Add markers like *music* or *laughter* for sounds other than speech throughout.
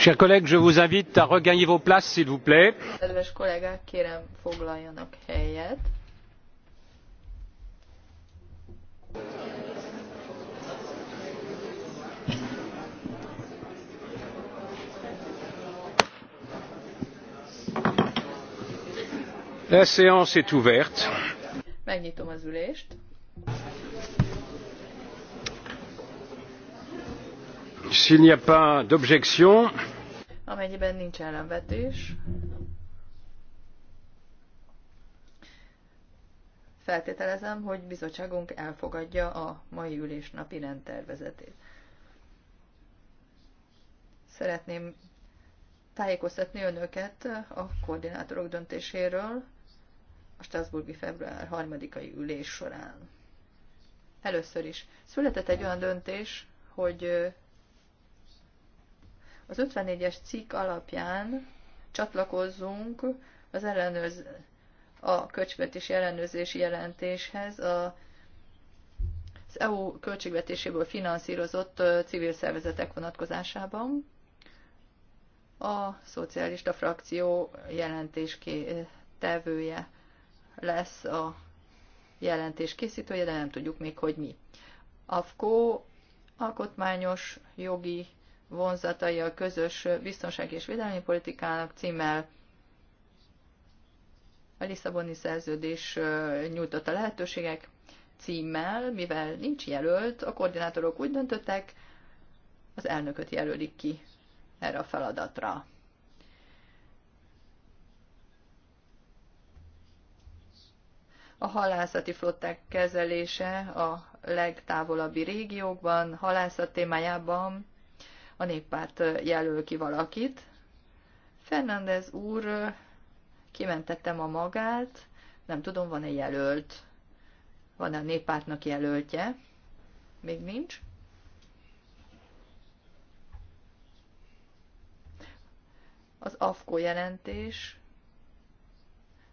Chers collègues, je vous invite à regagner vos places, s'il vous plaît. Kedves kollégák, kérem foglaljanak helyet. La séance est ouverte. S'il n'y a pas d'objection. Amennyiben nincs ellenvetés. Feltételezem, hogy bizottságunk elfogadja a mai ülés napi rendtervezetét. Szeretném tájékoztatni önöket a koordinátorok döntéséről a Strasburgi február 3-ai ülés során. Először is született egy olyan döntés, hogy az 54-es cikk alapján csatlakozzunk az ellenőrz, a költségvetési ellenőrzési jelentéshez a az EU költségvetéséből finanszírozott civil szervezetek vonatkozásában. A szocialista frakció jelentés tevője lesz a jelentés készítője, de nem tudjuk még, hogy mi. AFKO alkotmányos jogi vonzatai a közös biztonsági és védelmi politikának címmel. A Lisszaboni szerződés nyújtotta lehetőségek címmel, mivel nincs jelölt, a koordinátorok úgy döntöttek, az elnököt jelölik ki erre a feladatra. A halászati flották kezelése a legtávolabbi régiókban, halászat témájában a néppárt jelöl ki valakit. Fernández úr, kimentettem a magát, nem tudom, van-e jelölt, van-e a néppártnak jelöltje, még nincs. Az AFKO jelentés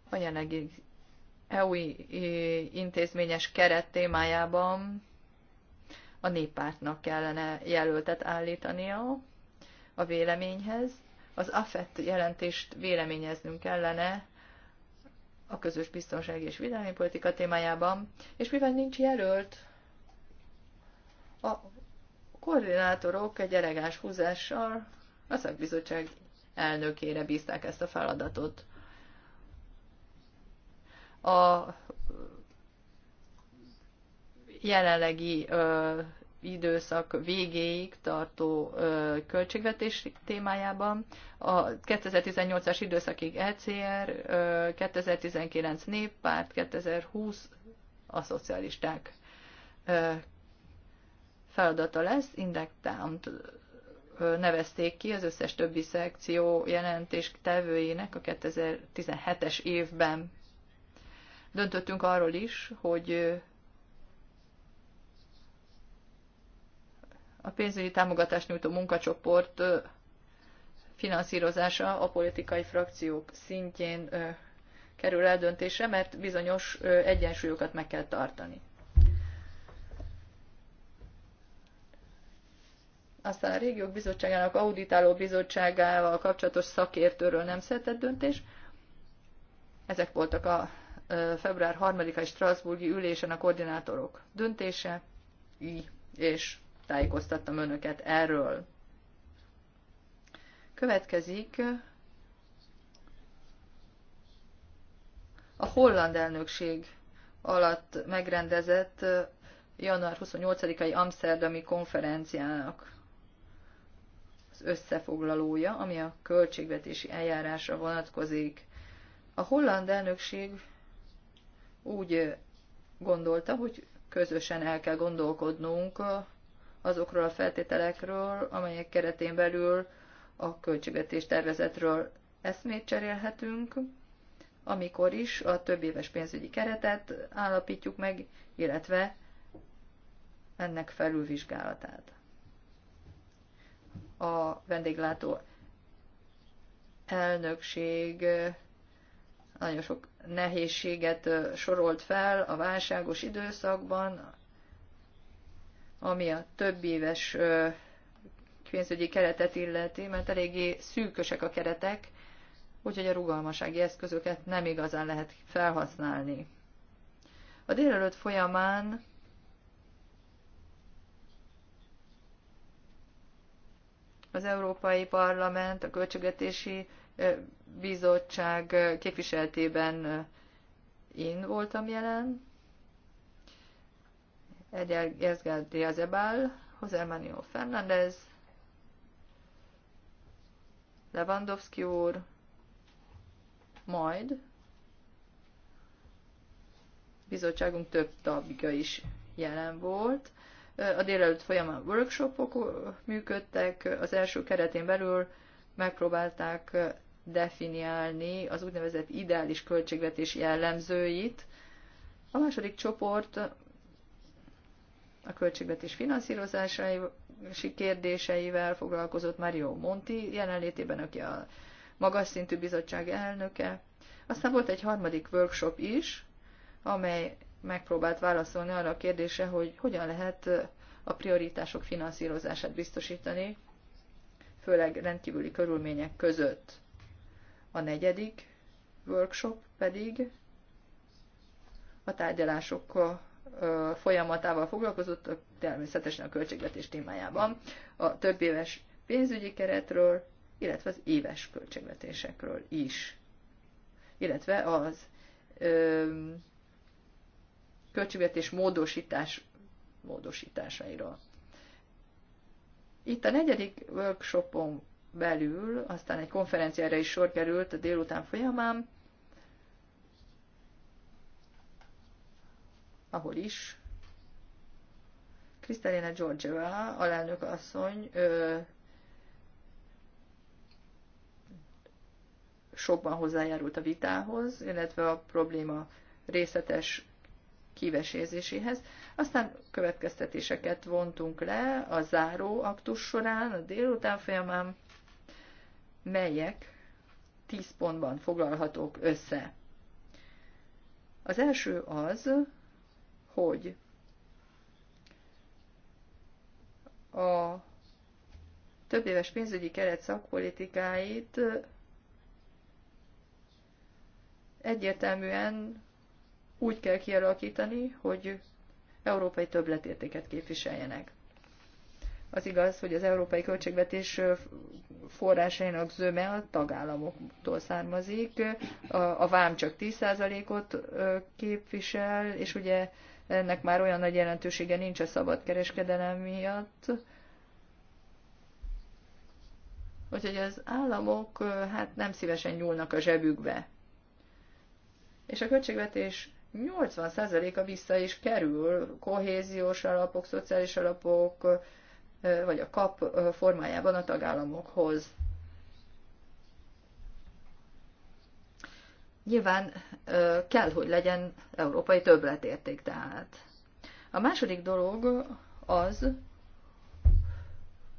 a jelenlegi EU intézményes keret témájában a néppártnak kellene jelöltet állítania a véleményhez. Az AFET jelentést véleményeznünk kellene a közös biztonsági és védelmi politika témájában, és mivel nincs jelölt, a koordinátorok egy elegáns húzással a szakbizottság elnökére bízták ezt a feladatot. A jelenlegi időszak végéig tartó költségvetés témájában, a 2018-as időszakig ECR, 2019 néppárt, 2020 a szocialisták feladata lesz, indektámt nevezték ki az összes többi szekció jelentés tevőjének a 2017-es évben. Döntöttünk arról is, hogy a pénzügyi támogatást nyújtó munkacsoport finanszírozása a politikai frakciók szintjén kerül eldöntésre, mert bizonyos egyensúlyokat meg kell tartani. Aztán a régiók bizottságának auditáló bizottságával kapcsolatos szakértőről nem született döntés. Ezek voltak a február 3-ai Strasburgi ülésen a koordinátorok döntése, így és tájékoztattam önöket erről. Következik a holland elnökség alatt megrendezett január 28-ai Amsterdami konferenciának az összefoglalója, ami a költségvetési eljárásra vonatkozik. A holland elnökség úgy gondolta, hogy közösen el kell gondolkodnunk azokról a feltételekről, amelyek keretén belül a költségvetés tervezetről eszmét cserélhetünk, amikor is a több éves pénzügyi keretet állapítjuk meg, illetve ennek felülvizsgálatát. A vendéglátó elnökség nagyon sok nehézséget sorolt fel a válságos időszakban, ami a több éves pénzügyi keretet illeti, mert eléggé szűkösek a keretek, úgyhogy a rugalmasági eszközöket nem igazán lehet felhasználni. A délelőtt folyamán az Európai Parlament, a Költségetési Bizottság képviseltében én voltam jelen, Edgar Diazabal, José Manuel Fernández, Lewandowski úr, majd bizottságunk több tagja is jelen volt. A délelőtt folyamán workshopok működtek, az első keretén belül megpróbálták definiálni az úgynevezett ideális költségvetés jellemzőit. A második csoport a költségvetés finanszírozási kérdéseivel foglalkozott Mario Monti jelenlétében, aki a magas szintű bizottság elnöke. Aztán volt egy harmadik workshop is, amely megpróbált válaszolni arra a kérdésre, hogy hogyan lehet a prioritások finanszírozását biztosítani, főleg rendkívüli körülmények között. A negyedik workshop pedig a tárgyalások folyamatával foglalkozott, természetesen a költségvetés témájában, a több éves pénzügyi keretről, illetve az éves költségvetésekről is. Illetve az ö, költségvetés módosítás módosításairól. Itt a negyedik workshopon belül, aztán egy konferenciára is sor került a délután folyamán, ahol is Krisztelina Georgieva, alelnök asszony, ö, sokban hozzájárult a vitához, illetve a probléma részletes kivesézéséhez. Aztán következtetéseket vontunk le a záró aktus során, a délután folyamán, melyek 10 pontban foglalhatók össze. Az első az, hogy a több éves pénzügyi keret szakpolitikáit egyértelműen úgy kell kialakítani, hogy európai többletértéket képviseljenek. Az igaz, hogy az európai költségvetés forrásainak zöme a tagállamoktól származik, a vám csak 10%-ot képvisel, és ugye ennek már olyan nagy jelentősége nincs a szabadkereskedelem miatt. Úgyhogy az államok hát nem szívesen nyúlnak a zsebükbe. És a költségvetés 80%-a vissza is kerül kohéziós alapok, szociális alapok, vagy a kap formájában a tagállamokhoz. Nyilván kell, hogy legyen európai többletérték tehát. A második dolog az,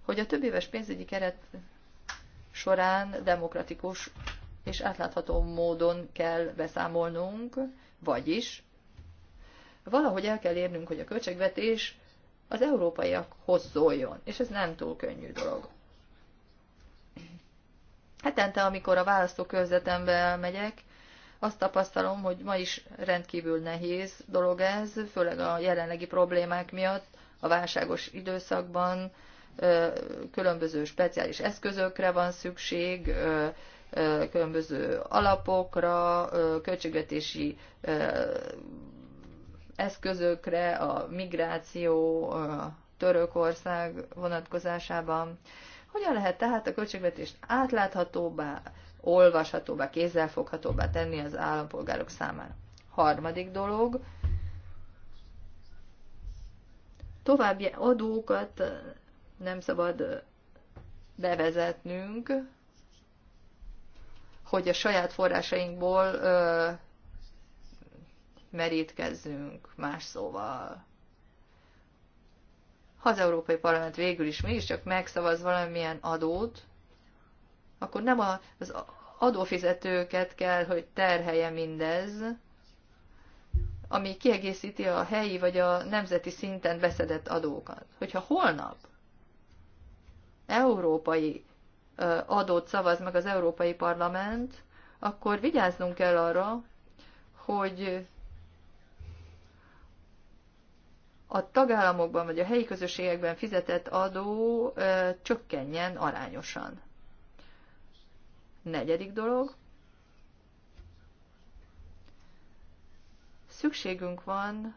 hogy a több éves pénzügyi keret során demokratikus és átlátható módon kell beszámolnunk, vagyis valahogy el kell érnünk, hogy a költségvetés az európaiakhoz szóljon, és ez nem túl könnyű dolog. Hetente, amikor a választókörzetembe megyek, azt tapasztalom, hogy ma is rendkívül nehéz dolog ez, főleg a jelenlegi problémák miatt, a válságos időszakban különböző speciális eszközökre van szükség, különböző alapokra, költségvetési eszközökre, a migráció, a Törökország vonatkozásában. Hogyan lehet tehát a költségvetést átláthatóbbá, olvashatóbbá, kézzelfoghatóbbá tenni az állampolgárok számára. Harmadik dolog, további adókat nem szabad bevezetnünk, hogy a saját forrásainkból ö, merítkezzünk más szóval. Ha az Európai Parlament végül is mégiscsak megszavaz valamilyen adót, akkor nem az adófizetőket kell, hogy terhelje mindez, ami kiegészíti a helyi vagy a nemzeti szinten beszedett adókat. Hogyha holnap európai adót szavaz meg az Európai Parlament, akkor vigyáznunk kell arra, hogy a tagállamokban vagy a helyi közösségekben fizetett adó ö, csökkenjen arányosan. Negyedik dolog, szükségünk van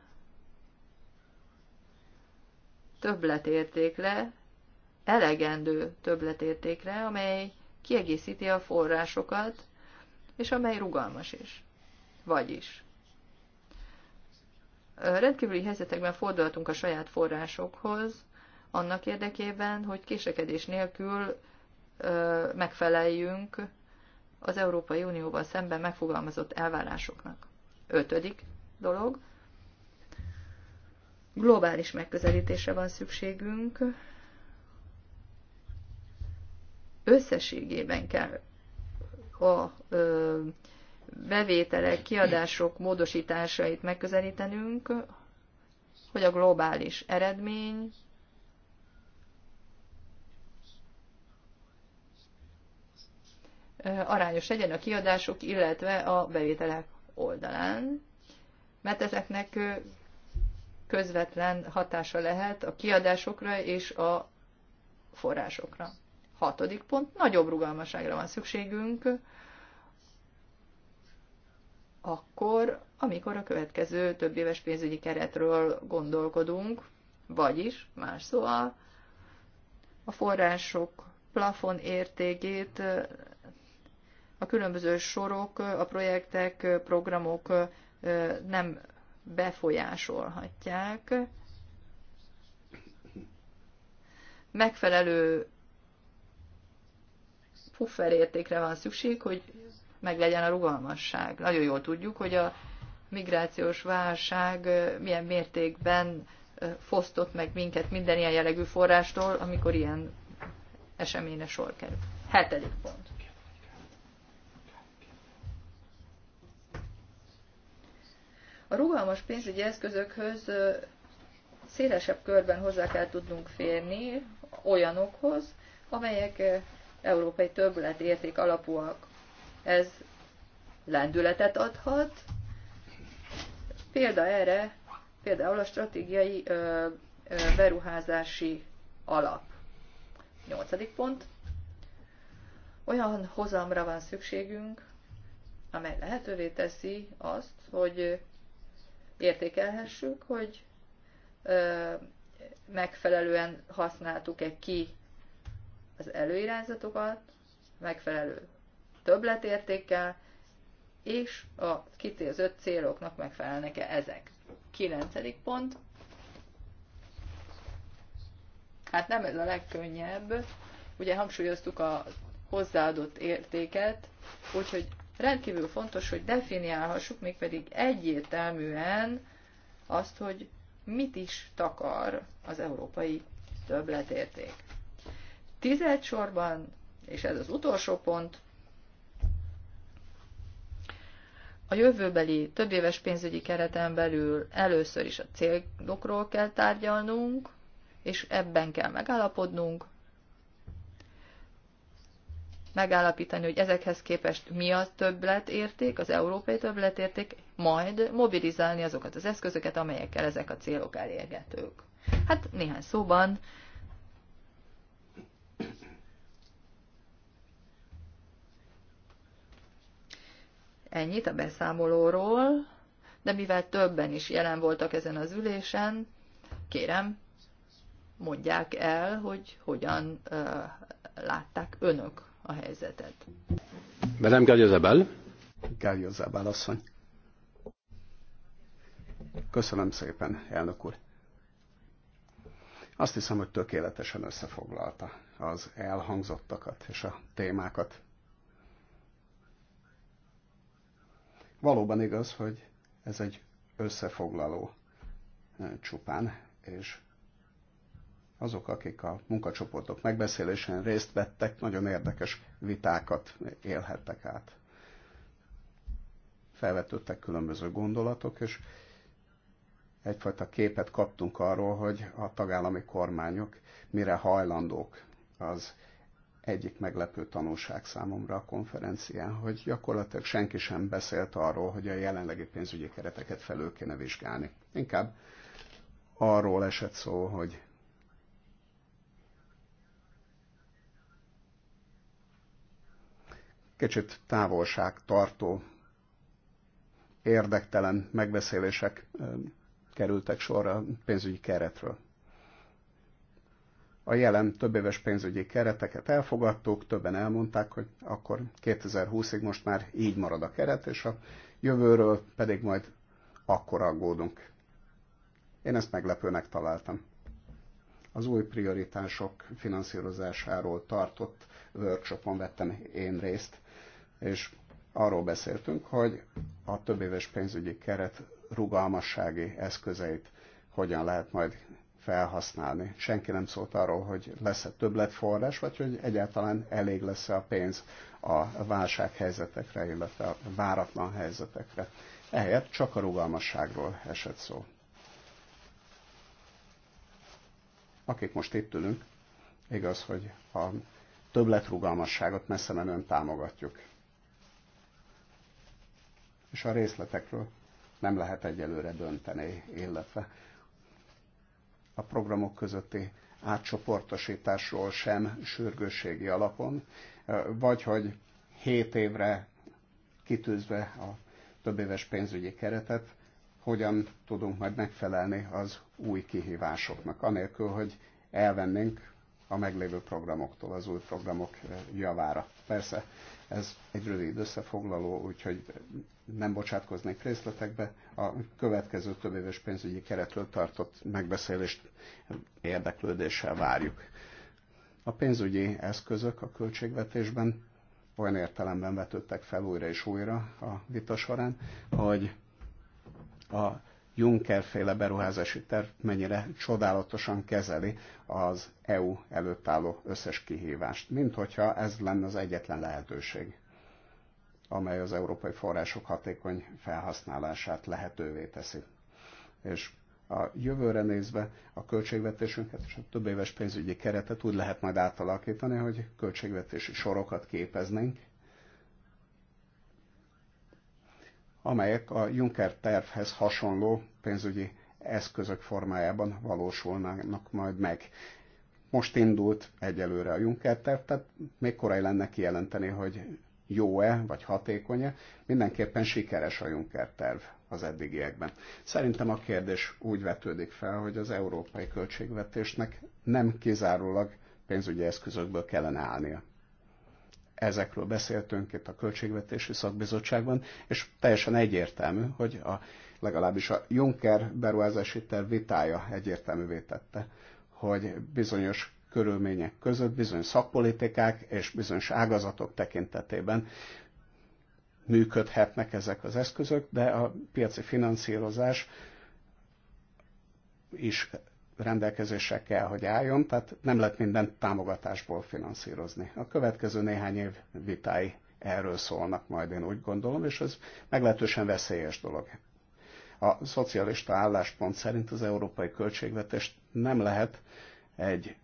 többletértékre, elegendő többletértékre, amely kiegészíti a forrásokat, és amely rugalmas is. Vagyis. Rendkívüli helyzetekben fordulhatunk a saját forrásokhoz, annak érdekében, hogy késekedés nélkül megfeleljünk az Európai Unióval szemben megfogalmazott elvárásoknak. Ötödik dolog, globális megközelítésre van szükségünk, összességében kell a ö, bevételek, kiadások módosításait megközelítenünk, hogy a globális eredmény arányos legyen a kiadások, illetve a bevételek oldalán, mert ezeknek közvetlen hatása lehet a kiadásokra és a forrásokra. Hatodik pont, nagyobb rugalmaságra van szükségünk, akkor, amikor a következő több éves pénzügyi keretről gondolkodunk, vagyis más szóval a források plafon értékét a különböző sorok, a projektek, programok nem befolyásolhatják. Megfelelő pufferértékre van szükség, hogy meglegyen a rugalmasság. Nagyon jól tudjuk, hogy a migrációs válság milyen mértékben fosztott meg minket minden ilyen jellegű forrástól, amikor ilyen eseményre sor kerül. Hetedik pont. A rugalmas pénzügyi eszközökhöz szélesebb körben hozzá kell tudnunk férni olyanokhoz, amelyek európai többletérték alapúak. Ez lendületet adhat. Példa erre például a stratégiai ö, ö, beruházási alap. Nyolcadik pont. Olyan hozamra van szükségünk, amely lehetővé teszi azt, hogy értékelhessük, hogy megfelelően használtuk-e ki az előirányzatokat, megfelelő többletértékkel, és a kitérzött céloknak megfelelnek-e ezek. 9. pont. Hát nem ez a legkönnyebb. Ugye hangsúlyoztuk a hozzáadott értéket, úgyhogy rendkívül fontos, hogy definiálhassuk mégpedig egyértelműen azt, hogy mit is takar az európai többletérték. Tized sorban, és ez az utolsó pont, a jövőbeli többéves pénzügyi kereten belül először is a célokról kell tárgyalnunk, és ebben kell megállapodnunk, megállapítani, hogy ezekhez képest mi a többletérték, az európai többletérték, majd mobilizálni azokat az eszközöket, amelyekkel ezek a célok elérgetők. Hát néhány szóban ennyit a beszámolóról, de mivel többen is jelen voltak ezen az ülésen, kérem, mondják el, hogy hogyan uh, látták önök a helyzetet. Velem Gárja Zabel. Gárja Zabel asszony. Köszönöm szépen, elnök úr. Azt hiszem, hogy tökéletesen összefoglalta az elhangzottakat és a témákat. Valóban igaz, hogy ez egy összefoglaló eh, csupán, és azok, akik a munkacsoportok megbeszélésen részt vettek, nagyon érdekes vitákat élhettek át. Felvetődtek különböző gondolatok, és egyfajta képet kaptunk arról, hogy a tagállami kormányok mire hajlandók. Az egyik meglepő tanulság számomra a konferencián, hogy gyakorlatilag senki sem beszélt arról, hogy a jelenlegi pénzügyi kereteket felül kéne vizsgálni. Inkább arról esett szó, hogy kicsit távolságtartó, érdektelen megbeszélések kerültek sorra a pénzügyi keretről. A jelen több éves pénzügyi kereteket elfogadtuk, többen elmondták, hogy akkor 2020-ig most már így marad a keret, és a jövőről pedig majd akkor aggódunk. Én ezt meglepőnek találtam az új prioritások finanszírozásáról tartott workshopon vettem én részt, és arról beszéltünk, hogy a több éves pénzügyi keret rugalmassági eszközeit hogyan lehet majd felhasználni. Senki nem szólt arról, hogy lesz-e többletforrás, vagy hogy egyáltalán elég lesz-e a pénz a válsághelyzetekre, illetve a váratlan helyzetekre. Ehelyett csak a rugalmasságról esett szó. akik most itt ülünk, igaz, hogy a többletrugalmasságot messze menően támogatjuk. És a részletekről nem lehet egyelőre dönteni, illetve a programok közötti átcsoportosításról sem sürgősségi alapon, vagy hogy 7 évre kitűzve a több éves pénzügyi keretet hogyan tudunk majd megfelelni az új kihívásoknak, anélkül, hogy elvennénk a meglévő programoktól, az új programok eh, javára. Persze ez egy rövid összefoglaló, úgyhogy nem bocsátkoznék részletekbe. A következő több éves pénzügyi keretről tartott megbeszélést érdeklődéssel várjuk. A pénzügyi eszközök a költségvetésben olyan értelemben vetődtek fel újra és újra a vita során, hogy a Juncker féle beruházási terv mennyire csodálatosan kezeli az EU előtt álló összes kihívást, mint hogyha ez lenne az egyetlen lehetőség, amely az európai források hatékony felhasználását lehetővé teszi. És a jövőre nézve a költségvetésünket és a több éves pénzügyi keretet úgy lehet majd átalakítani, hogy költségvetési sorokat képeznénk, amelyek a Juncker tervhez hasonló pénzügyi eszközök formájában valósulnának majd meg. Most indult egyelőre a Juncker terv, tehát még korai lenne kijelenteni, hogy jó-e, vagy hatékony-e. Mindenképpen sikeres a Juncker terv az eddigiekben. Szerintem a kérdés úgy vetődik fel, hogy az európai költségvetésnek nem kizárólag pénzügyi eszközökből kellene állnia. Ezekről beszéltünk itt a Költségvetési Szakbizottságban, és teljesen egyértelmű, hogy a, legalábbis a Juncker beruházási terv vitája egyértelművé tette, hogy bizonyos körülmények között, bizonyos szakpolitikák és bizonyos ágazatok tekintetében működhetnek ezek az eszközök, de a piaci finanszírozás is rendelkezésre kell, hogy álljon, tehát nem lehet mindent támogatásból finanszírozni. A következő néhány év vitái erről szólnak majd, én úgy gondolom, és ez meglehetősen veszélyes dolog. A szocialista álláspont szerint az európai költségvetést nem lehet egy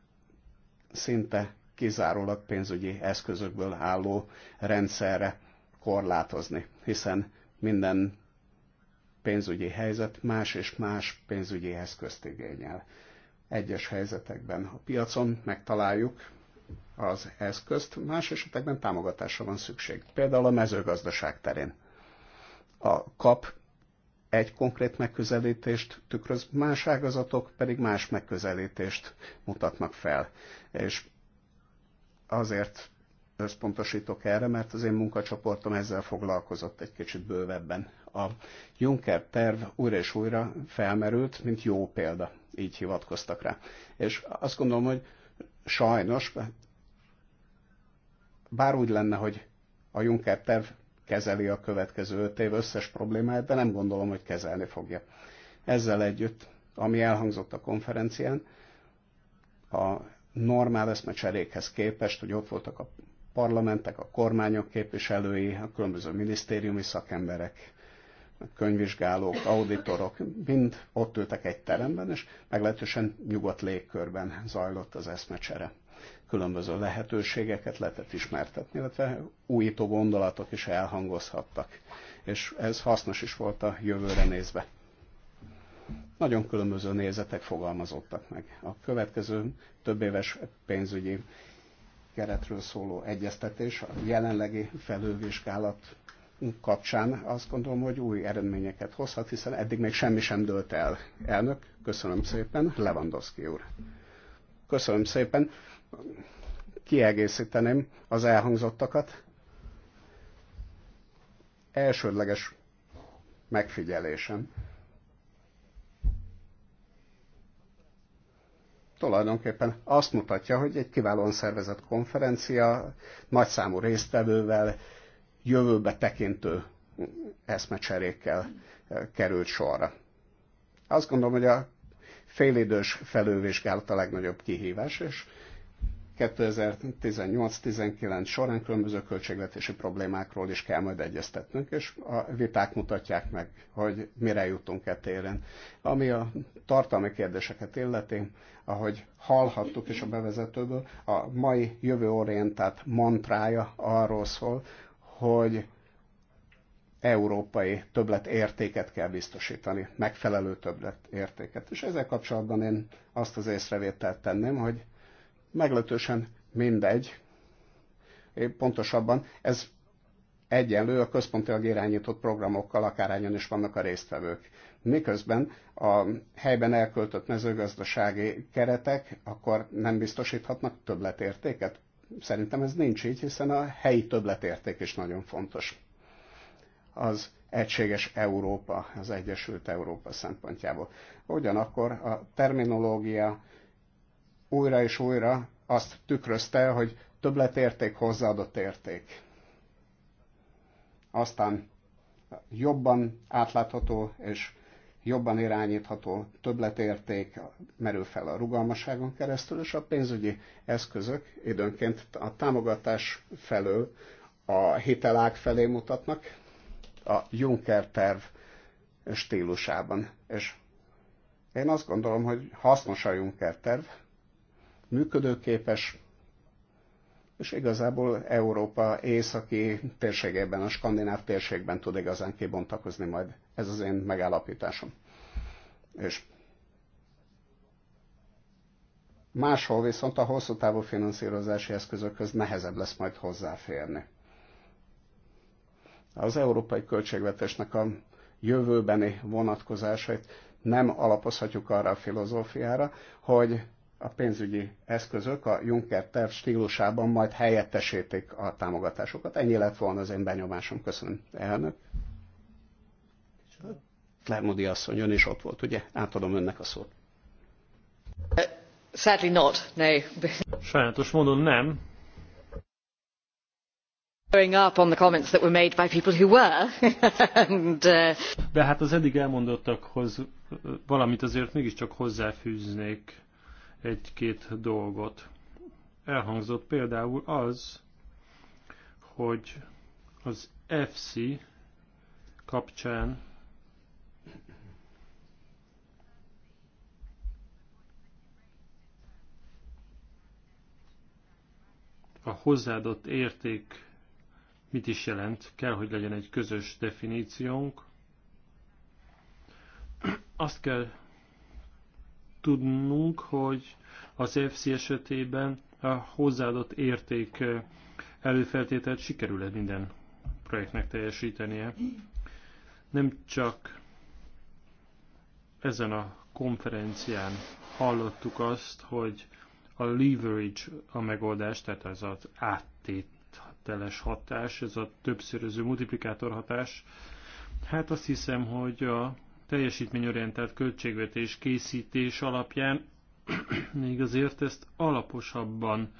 szinte kizárólag pénzügyi eszközökből álló rendszerre korlátozni, hiszen minden pénzügyi helyzet más és más pénzügyi eszközt igényel. Egyes helyzetekben a piacon megtaláljuk az eszközt, más esetekben támogatásra van szükség. Például a mezőgazdaság terén. A kap egy konkrét megközelítést tükröz, más ágazatok pedig más megközelítést mutatnak fel. És azért összpontosítok erre, mert az én munkacsoportom ezzel foglalkozott egy kicsit bővebben. A Juncker terv újra és újra felmerült, mint jó példa így hivatkoztak rá. És azt gondolom, hogy sajnos, bár úgy lenne, hogy a Juncker terv kezeli a következő öt év összes problémáját, de nem gondolom, hogy kezelni fogja. Ezzel együtt, ami elhangzott a konferencián, a normál eszmecserékhez képest, hogy ott voltak a parlamentek, a kormányok képviselői, a különböző minisztériumi szakemberek, könyvvizsgálók, auditorok, mind ott ültek egy teremben, és meglehetősen nyugodt légkörben zajlott az eszmecsere. Különböző lehetőségeket lehetett ismertetni, illetve újító gondolatok is elhangozhattak, és ez hasznos is volt a jövőre nézve. Nagyon különböző nézetek fogalmazottak meg. A következő több éves pénzügyi keretről szóló egyeztetés, a jelenlegi felülvizsgálat kapcsán azt gondolom, hogy új eredményeket hozhat, hiszen eddig még semmi sem dölt el. Elnök, köszönöm szépen, Lewandowski úr. Köszönöm szépen. Kiegészíteném az elhangzottakat. Elsődleges megfigyelésem. tulajdonképpen azt mutatja, hogy egy kiválóan szervezett konferencia nagyszámú résztvevővel, jövőbe tekintő eszmecserékkel eh, került sorra. Azt gondolom, hogy a félidős felővizsgálat a legnagyobb kihívás, és 2018-19 során különböző költségvetési problémákról is kell majd egyeztetnünk, és a viták mutatják meg, hogy mire jutunk e téren. Ami a tartalmi kérdéseket illeti, ahogy hallhattuk is a bevezetőből, a mai jövőorientált mantrája arról szól, hogy európai többlet értéket kell biztosítani, megfelelő többlet értéket. És ezzel kapcsolatban én azt az észrevételt tenném, hogy meglehetősen mindegy, pontosabban ez egyenlő a központilag irányított programokkal, akár is vannak a résztvevők. Miközben a helyben elköltött mezőgazdasági keretek akkor nem biztosíthatnak többletértéket. Szerintem ez nincs így, hiszen a helyi többletérték is nagyon fontos. Az egységes Európa, az Egyesült Európa szempontjából. Ugyanakkor a terminológia újra és újra azt tükrözte, hogy többletérték, hozzáadott érték. Aztán jobban átlátható és jobban irányítható többletérték merül fel a rugalmasságon keresztül, és a pénzügyi eszközök időnként a támogatás felől a hitelák felé mutatnak a Juncker terv stílusában. És én azt gondolom, hogy hasznos a Juncker terv, működőképes, és igazából Európa északi térségében, a skandináv térségben tud igazán kibontakozni majd ez az én megállapításom. És máshol viszont a hosszú távú finanszírozási eszközökhöz nehezebb lesz majd hozzáférni. Az európai költségvetésnek a jövőbeni vonatkozásait nem alapozhatjuk arra a filozófiára, hogy a pénzügyi eszközök a Juncker terv stílusában majd helyettesítik a támogatásokat. Ennyi lett volna az én benyomásom. Köszönöm, elnök. Klermodi asszony, ön is ott volt, ugye? Átadom önnek a szót. Uh, sadly not, no. Sajnálatos módon nem. De hát az eddig elmondottakhoz uh, valamit azért mégiscsak hozzáfűznék egy-két dolgot. Elhangzott például az, hogy az FC kapcsán a hozzáadott érték mit is jelent, kell, hogy legyen egy közös definíciónk. Azt kell tudnunk, hogy az FC esetében a hozzáadott érték előfeltételt sikerül -e minden projektnek teljesítenie. Nem csak ezen a konferencián hallottuk azt, hogy a leverage a megoldás, tehát ez az áttételes hatás, ez a többszöröző multiplikátor hatás. Hát azt hiszem, hogy a teljesítményorientált költségvetés készítés alapján *clears throat* még azért ezt alaposabban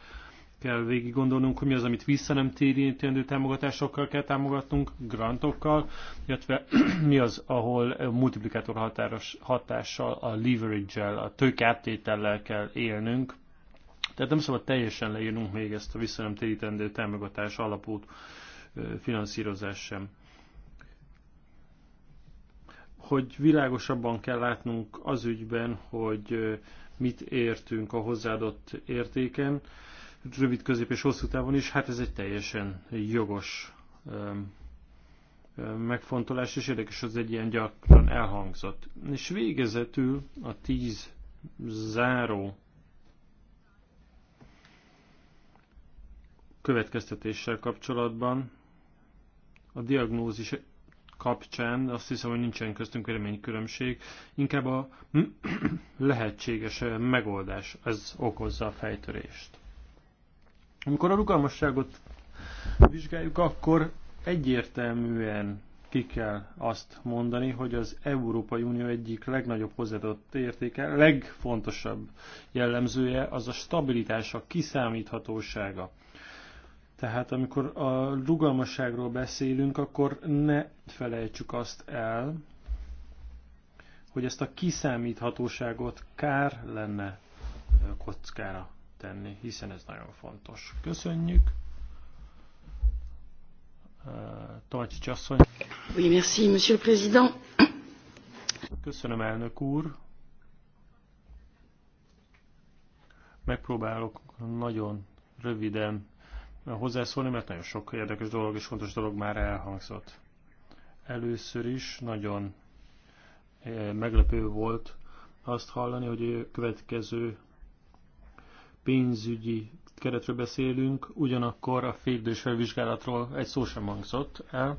kell végig gondolnunk, hogy mi az, amit vissza nem térítendő támogatásokkal kell támogatnunk, grantokkal, illetve *clears throat* mi az, ahol multiplikátor határos, hatással, a leverage-el, a tőkeáttétellel kell élnünk. Tehát nem szabad teljesen leírnunk még ezt a visszanemtérítendő támogatás alapú finanszírozás sem. Hogy világosabban kell látnunk az ügyben, hogy mit értünk a hozzáadott értéken, rövid, közép és hosszú távon is, hát ez egy teljesen jogos megfontolás, és érdekes, az egy ilyen gyakran elhangzott. És végezetül a tíz záró következtetéssel kapcsolatban a diagnózis kapcsán azt hiszem, hogy nincsen köztünk véleménykülönbség, inkább a *clears throat* lehetséges megoldás, ez okozza a fejtörést. Amikor a rugalmasságot vizsgáljuk, akkor egyértelműen ki kell azt mondani, hogy az Európai Unió egyik legnagyobb hozzáadott értéke, legfontosabb jellemzője az a stabilitás, a kiszámíthatósága. Tehát amikor a rugalmasságról beszélünk, akkor ne felejtsük azt el, hogy ezt a kiszámíthatóságot kár lenne kockára tenni, hiszen ez nagyon fontos. Köszönjük! Tolcsics asszony. Oui, merci, monsieur le président. Köszönöm, elnök úr. Megpróbálok nagyon röviden hozzászólni, mert nagyon sok érdekes dolog és fontos dolog már elhangzott. Először is nagyon eh, meglepő volt azt hallani, hogy a következő pénzügyi keretről beszélünk, ugyanakkor a félidős felvizsgálatról egy szó sem hangzott el.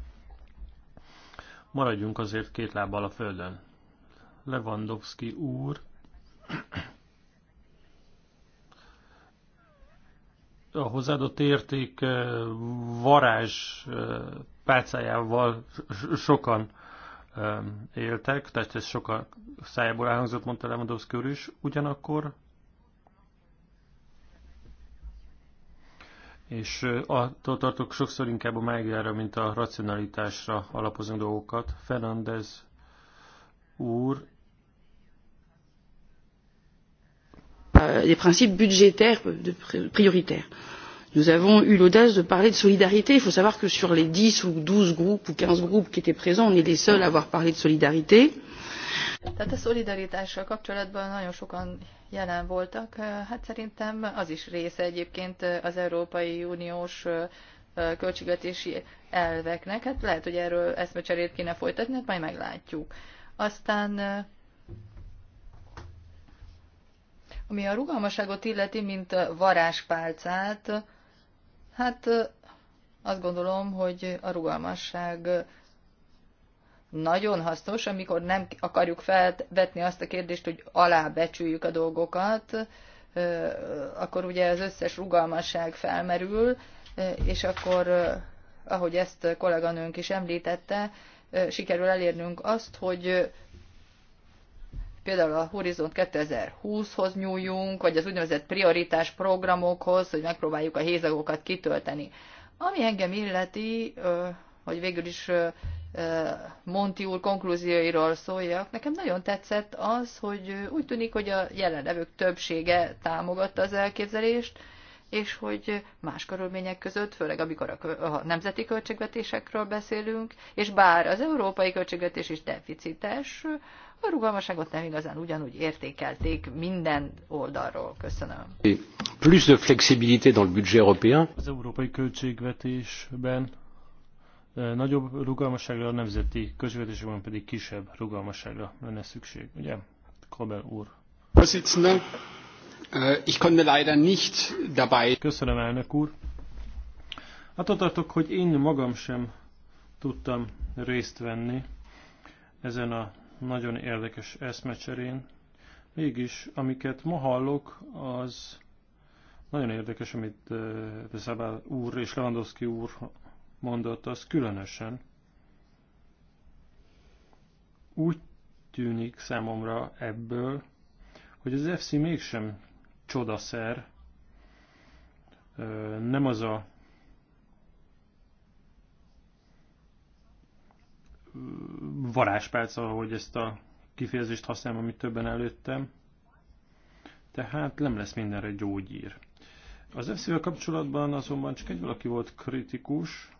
Maradjunk azért két lábbal a földön. Lewandowski úr a hozzáadott érték eh, varázs eh, pálcájával sokan eh, éltek, tehát ez sokan szájából elhangzott, mondta Lewandowski úr is, ugyanakkor és attól tartok sokszor inkább a mágiára, mint a racionalitásra alapozunk dolgokat. Fernandez úr Euh, des principes budgétaires euh, prioritaires. Nous avons eu l'audace de parler de solidarité. Il faut savoir que sur les dix ou douze groupes ou quinze groupes qui étaient présents, on est les seuls à avoir parlé de solidarité. Tehát a szolidaritással kapcsolatban nagyon sokan jelen voltak. Hát szerintem az is része egyébként az Európai Uniós költségvetési elveknek. Hát lehet, hogy erről eszmecserét kéne folytatni, hát majd meglátjuk. Aztán Ami a rugalmasságot illeti, mint varázspálcát, hát azt gondolom, hogy a rugalmasság nagyon hasznos, amikor nem akarjuk felvetni azt a kérdést, hogy alábecsüljük a dolgokat, akkor ugye az összes rugalmasság felmerül, és akkor, ahogy ezt kolléganőnk is említette, sikerül elérnünk azt, hogy például a Horizont 2020-hoz nyúljunk, vagy az úgynevezett prioritás programokhoz, hogy megpróbáljuk a hézagokat kitölteni. Ami engem illeti, hogy végül is Monti úr konklúzióiról szóljak, nekem nagyon tetszett az, hogy úgy tűnik, hogy a jelenlevők többsége támogatta az elképzelést, és hogy más körülmények között, főleg amikor a nemzeti költségvetésekről beszélünk, és bár az európai költségvetés is deficites, a rugalmasságot nem igazán ugyanúgy értékelték minden oldalról. Köszönöm. Plus de flexibilité dans le budget européen. Az európai költségvetésben eh, nagyobb rugalmasságra, a nemzeti költségvetésben pedig kisebb rugalmasságra lenne szükség, ugye? Kabel úr. Köszönöm. Äh, ich konnte leider nicht dabei. Köszönöm, elnök úr. Hát ott tartok, hogy én magam sem tudtam részt venni ezen a nagyon érdekes eszmecserén. Mégis, amiket ma hallok, az nagyon érdekes, amit äh, Szabál úr és Lewandowski úr mondott, az különösen. Úgy tűnik számomra ebből, hogy az FC mégsem csodaszer, nem az a varázspálca, ahogy ezt a kifejezést használom, amit többen előttem. Tehát nem lesz mindenre gyógyír. Az fc kapcsolatban azonban csak egy valaki volt kritikus,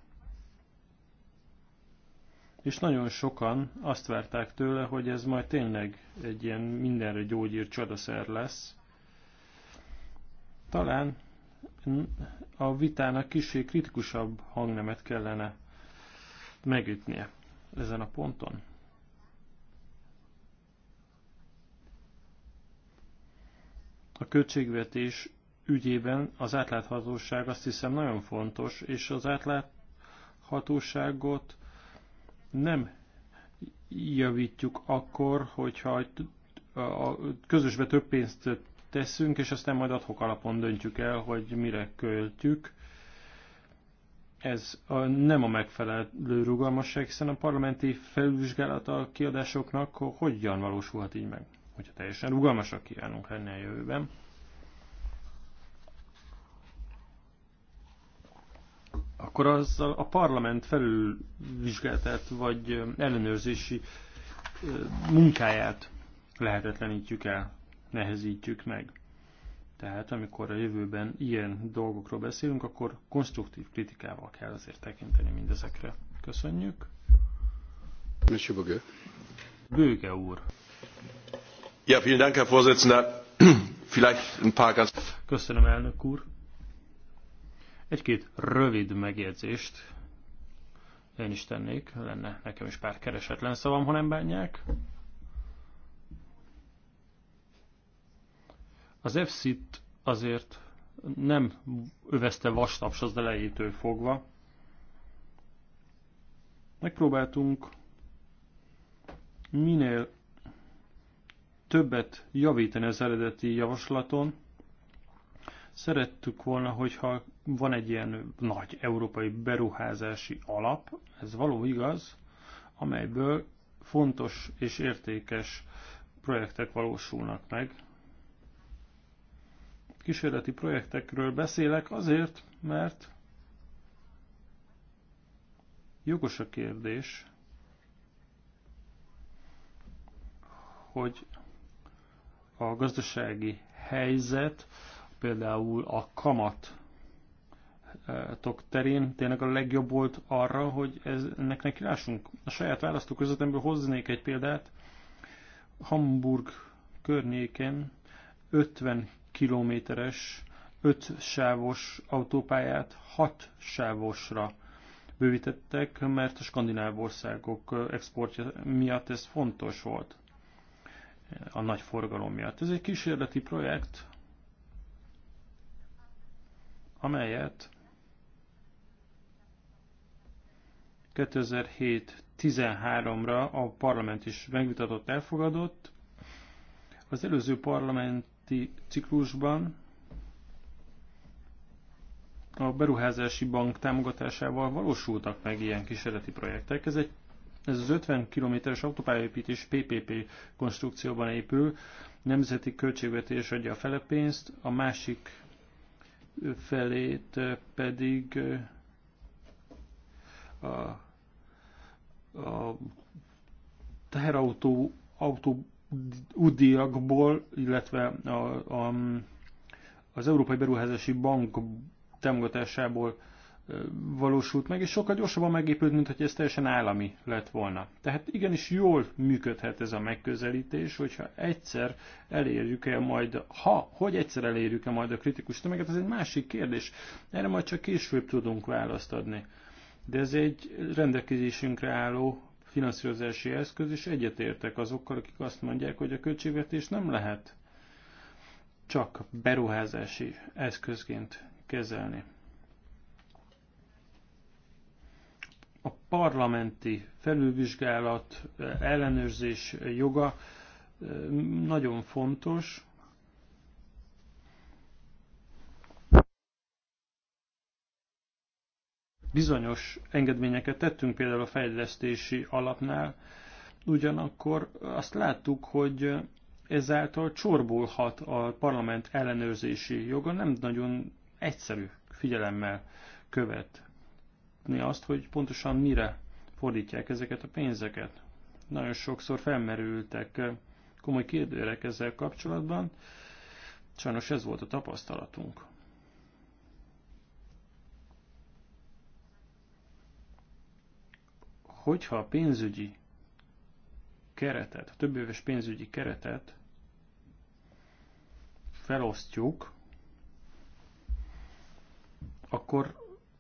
és nagyon sokan azt várták tőle, hogy ez majd tényleg egy ilyen mindenre gyógyír csodaszer lesz. Talán a vitának kicsit kritikusabb hangnemet kellene megütnie ezen a ponton. A költségvetés ügyében az átláthatóság azt hiszem nagyon fontos, és az átláthatóságot nem javítjuk akkor, hogyha a közösbe több pénzt teszünk, és aztán majd adhok alapon döntjük el, hogy mire költjük. Ez a, nem a megfelelő rugalmasság, hiszen a parlamenti felvizsgálata a kiadásoknak hogyan valósulhat így meg, hogyha teljesen rugalmasak kívánunk lenni a jövőben. akkor az a parlament felülvizsgálatát vagy ellenőrzési munkáját lehetetlenítjük el nehezítjük meg. Tehát amikor a jövőben ilyen dolgokról beszélünk, akkor konstruktív kritikával kell azért tekinteni mindezekre. Köszönjük. Monsieur Böge. Böge úr. Ja, vielen Dank, Herr Vorsitzender. Vielleicht ein paar ganz... Köszönöm, elnök úr. Egy-két rövid megjegyzést én is tennék, lenne nekem is pár keresetlen szavam, ha nem bánják. Az EFSIT azért nem övezte vastaps az elejétől fogva. Megpróbáltunk minél többet javítani az eredeti javaslaton. Szerettük volna, hogyha van egy ilyen nagy európai beruházási alap, ez való igaz, amelyből fontos és értékes projektek valósulnak meg, kísérleti projektekről beszélek azért, mert jogos a kérdés, hogy a gazdasági helyzet, például a kamat terén tényleg a legjobb volt arra, hogy ez, ennek neki lássunk. A saját választóközvetemből hoznék egy példát. Hamburg környéken 50 kilométeres, 5 sávos autópályát 6 sávosra bővítettek, mert a skandináv országok exportja miatt ez fontos volt a nagy forgalom miatt. Ez egy kísérleti projekt, amelyet 2007-13-ra a parlament is megvitatott, elfogadott. Az előző parlament ciklusban a beruházási bank támogatásával valósultak meg ilyen kísérleti projektek. Ez, egy, ez az 50 kilométeres autópályépítés PPP konstrukcióban épül, nemzeti költségvetés adja a fele pénzt, a másik felét pedig a, a teherautó autó UDI-akból, illetve a, a, az Európai Beruházási Bank támogatásából valósult meg, és sokkal gyorsabban megépült, mint hogy ez teljesen állami lett volna. Tehát igenis jól működhet ez a megközelítés, hogyha egyszer elérjük-e majd, ha, hogy egyszer elérjük-e majd a kritikus tömeget, ez egy másik kérdés. Erre majd csak később tudunk választ adni. De ez egy rendelkezésünkre álló finanszírozási eszköz, és egyetértek azokkal, akik azt mondják, hogy a költségvetés nem lehet csak beruházási eszközként kezelni. A parlamenti felülvizsgálat, ellenőrzés joga eh, nagyon fontos, bizonyos engedményeket tettünk például a fejlesztési alapnál, ugyanakkor azt láttuk, hogy ezáltal csorbulhat a parlament ellenőrzési joga, nem nagyon egyszerű figyelemmel követni azt, hogy pontosan mire fordítják ezeket a pénzeket. Nagyon sokszor felmerültek komoly kérdőrek ezzel kapcsolatban, sajnos ez volt a tapasztalatunk. hogyha a pénzügyi keretet, a éves pénzügyi keretet felosztjuk, akkor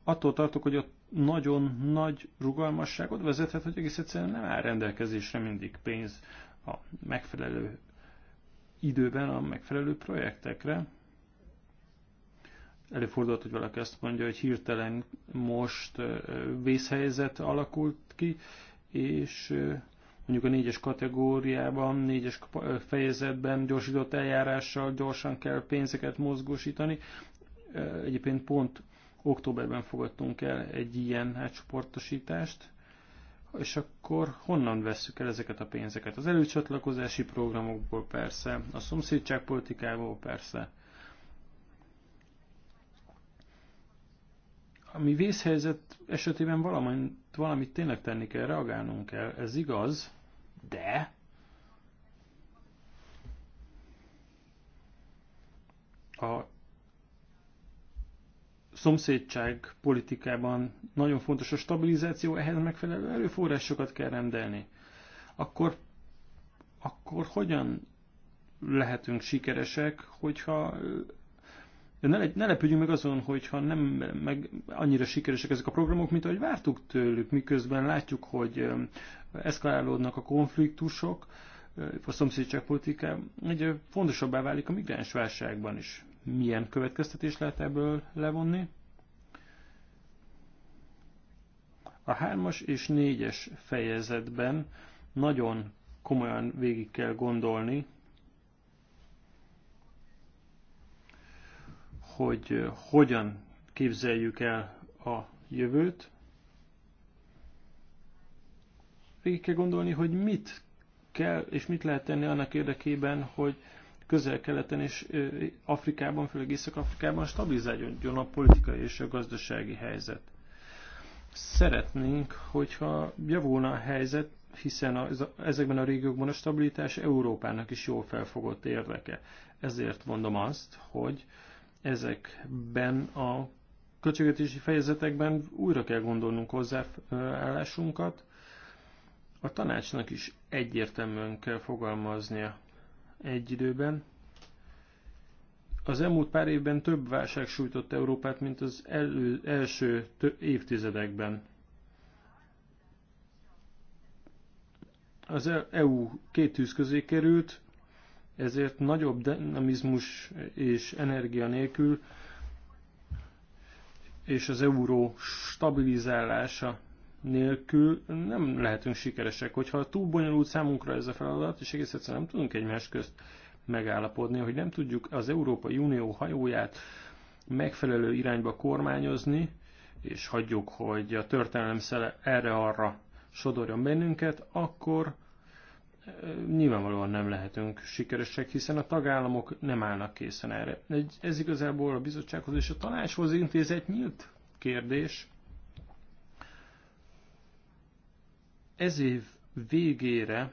attól tartok, hogy ott nagyon nagy rugalmasságot vezethet, hogy egész egyszerűen nem áll rendelkezésre mindig pénz a megfelelő időben a megfelelő projektekre. Előfordulhat, hogy valaki azt mondja, hogy hirtelen most vészhelyzet alakult ki, és mondjuk a négyes kategóriában, négyes fejezetben gyorsított eljárással gyorsan kell pénzeket mozgósítani. Egyébként pont októberben fogadtunk el egy ilyen átcsoportosítást, és akkor honnan vesszük el ezeket a pénzeket? Az előcsatlakozási programokból persze, a szomszédságpolitikából persze, ami vészhelyzet esetében valamit, valamit tényleg tenni kell, reagálnunk kell, ez igaz, de a szomszédság politikában nagyon fontos a stabilizáció, ehhez megfelelő erőforrásokat kell rendelni. Akkor, akkor hogyan lehetünk sikeresek, hogyha de ne, ne lepődjünk meg azon, hogyha nem meg annyira sikeresek ezek a programok, mint ahogy vártuk tőlük, miközben látjuk, hogy eszkalálódnak a konfliktusok, a politika, egyre fontosabbá válik a migráns válságban is. Milyen következtetés lehet ebből levonni? A hármas és négyes fejezetben nagyon komolyan végig kell gondolni hogy hogyan képzeljük el a jövőt, végig kell gondolni, hogy mit kell és mit lehet tenni annak érdekében, hogy közel-keleten és Afrikában, főleg Észak-Afrikában stabilizáljon a politikai és a gazdasági helyzet. Szeretnénk, hogyha javulna a helyzet, hiszen a, ezekben a régiókban a stabilitás Európának is jól felfogott érdeke. Ezért mondom azt, hogy ezekben a költségvetési fejezetekben újra kell gondolnunk hozzáállásunkat. A tanácsnak is egyértelműen kell fogalmaznia egy időben. Az elmúlt pár évben több válság sújtott Európát, mint az elő, első évtizedekben. Az EU e két tűz közé került, ezért nagyobb dinamizmus és energia nélkül és az euró stabilizálása nélkül nem lehetünk sikeresek. Hogyha túl bonyolult számunkra ez a feladat, és egész egyszerűen nem tudunk egymás közt megállapodni, hogy nem tudjuk az Európai Unió hajóját megfelelő irányba kormányozni, és hagyjuk, hogy a történelem szele erre-arra sodorjon bennünket, akkor nyilvánvalóan nem lehetünk sikeresek, hiszen a tagállamok nem állnak készen erre. Ez igazából a bizottsághoz és a tanácshoz intézett nyílt kérdés. Ez év végére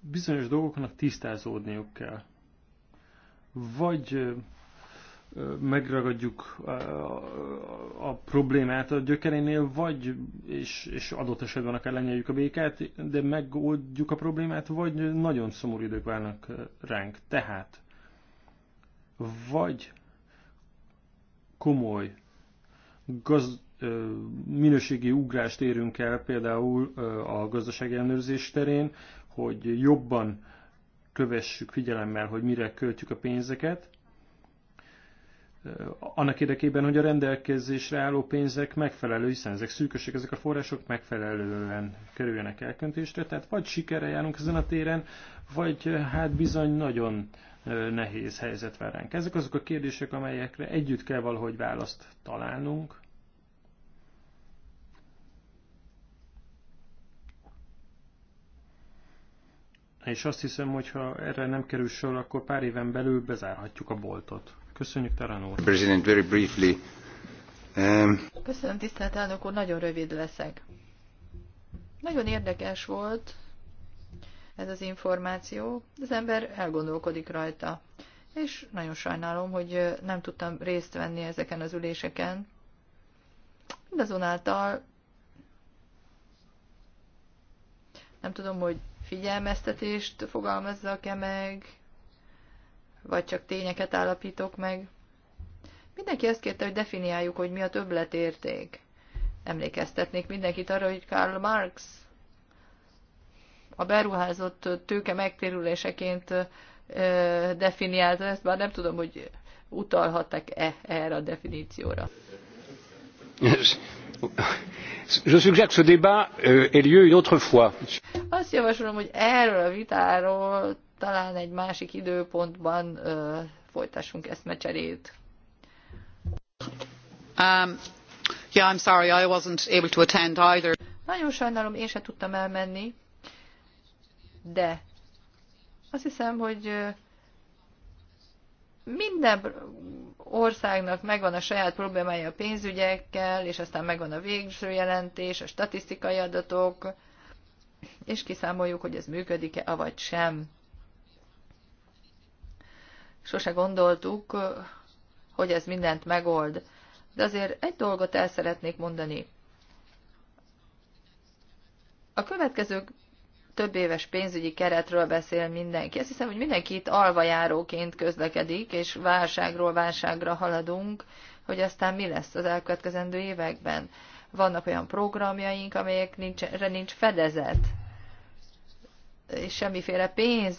bizonyos dolgoknak tisztázódniuk kell. Vagy megragadjuk a, a, a problémát a gyökerénél, vagy, és, és adott esetben akár lenyeljük a békát, de megoldjuk a problémát, vagy nagyon szomorú idők válnak eh, ránk. Tehát, vagy komoly gaz, eh, minőségi ugrást érünk el például eh, a gazdasági ellenőrzés terén, hogy jobban kövessük figyelemmel, hogy mire költjük a pénzeket, Eh, annak érdekében, hogy a rendelkezésre álló pénzek megfelelő, hiszen ezek szűkösek, ezek a források megfelelően kerüljenek elköntésre, tehát vagy sikere járunk ezen a téren, vagy eh, hát bizony nagyon eh, nehéz helyzet vár ránk. Ezek azok a kérdések, amelyekre együtt kell valahogy választ találnunk. És azt hiszem, hogy ha erre nem kerül sor, akkor pár éven belül bezárhatjuk a boltot. Köszönjük, Terán úr. President, very briefly. Um... Köszönöm, tisztelt elnök úr, nagyon rövid leszek. Nagyon érdekes volt ez az információ, az ember elgondolkodik rajta. És nagyon sajnálom, hogy nem tudtam részt venni ezeken az üléseken. De azonáltal nem tudom, hogy figyelmeztetést fogalmazzak-e meg, vagy csak tényeket állapítok meg. Mindenki ezt kérte, hogy definiáljuk, hogy mi a többletérték. Emlékeztetnék mindenkit arra, hogy Karl Marx a beruházott tőke megtérüléseként definiálta ezt, bár nem tudom, hogy utalhattak-e erre a definícióra. Je suggère que ce débat euh, ait lieu une autre fois. Azt javaslom, hogy erről a vitáról talán egy másik időpontban ö, folytassunk mecserét. Um, yeah, I'm sorry, I wasn't able to attend either. Nagyon sajnálom, én se tudtam elmenni, de azt hiszem, hogy minden országnak megvan a saját problémája a pénzügyekkel, és aztán megvan a végső jelentés, a statisztikai adatok, és kiszámoljuk, hogy ez működik-e, avagy sem sose gondoltuk, hogy ez mindent megold. De azért egy dolgot el szeretnék mondani. A következő több éves pénzügyi keretről beszél mindenki. Azt hiszem, hogy mindenki itt alvajáróként közlekedik, és válságról válságra haladunk, hogy aztán mi lesz az elkövetkezendő években. Vannak olyan programjaink, amelyekre nincs, nincs fedezet és semmiféle pénz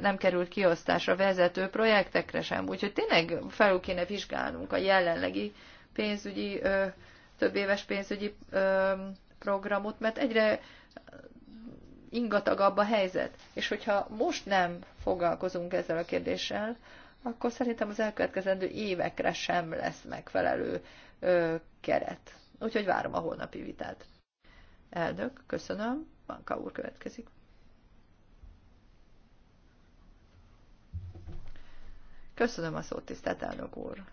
nem került kiosztásra vezető projektekre sem. Úgyhogy tényleg felül kéne vizsgálnunk a jelenlegi pénzügyi, több éves pénzügyi programot, mert egyre ingatagabb a helyzet. És hogyha most nem foglalkozunk ezzel a kérdéssel, akkor szerintem az elkövetkezendő évekre sem lesz megfelelő ö, keret. Úgyhogy várom a holnapi vitát. Elnök, köszönöm. Banka úr következik. Köszönöm a szót, tisztelt elnök úr.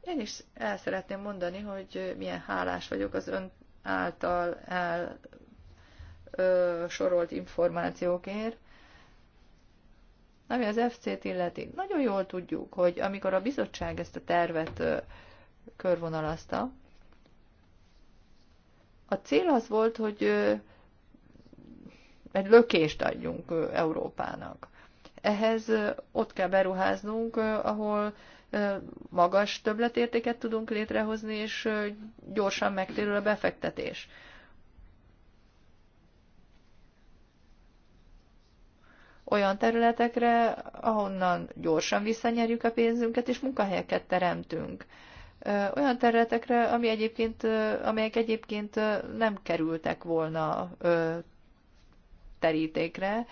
Én is el szeretném mondani, hogy milyen hálás vagyok az ön által el ö, sorolt információkért. Ami az FC-t illeti, nagyon jól tudjuk, hogy amikor a bizottság ezt a tervet ö, körvonalazta, a cél az volt, hogy ö, egy lökést adjunk Európának ehhez ott kell beruháznunk, ahol magas többletértéket tudunk létrehozni, és gyorsan megtérül a befektetés. Olyan területekre, ahonnan gyorsan visszanyerjük a pénzünket, és munkahelyeket teremtünk. Olyan területekre, ami egyébként, amelyek egyébként nem kerültek volna terítékre,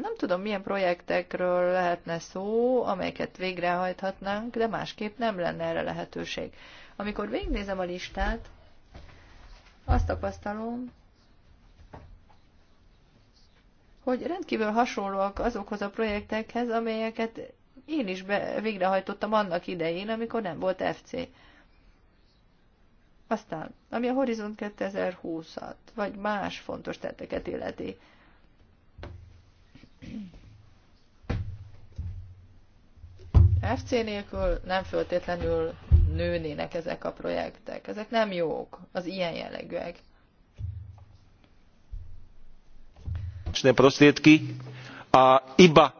Nem tudom, milyen projektekről lehetne szó, amelyeket végrehajthatnánk, de másképp nem lenne erre lehetőség. Amikor végignézem a listát, azt tapasztalom, hogy rendkívül hasonlóak azokhoz a projektekhez, amelyeket én is be, végrehajtottam annak idején, amikor nem volt FC. Aztán, ami a Horizon 2020-at, vagy más fontos tetteket illeti, FC nélkül nem föltétlenül nőnének ezek a projektek. Ezek nem jók, az ilyen jellegűek. prostředky a iba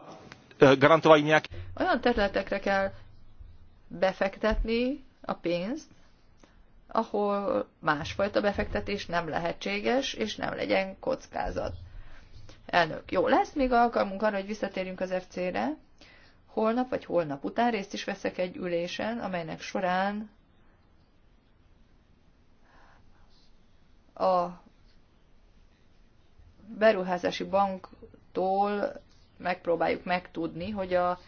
e, garantovali Olyan területekre kell befektetni a pénzt, ahol másfajta befektetés nem lehetséges, és nem legyen kockázat. Elnök, jó, lesz még alkalmunk arra, hogy visszatérjünk az FC-re. Holnap vagy holnap után részt is veszek egy ülésen, amelynek során a beruházási banktól megpróbáljuk megtudni, hogy a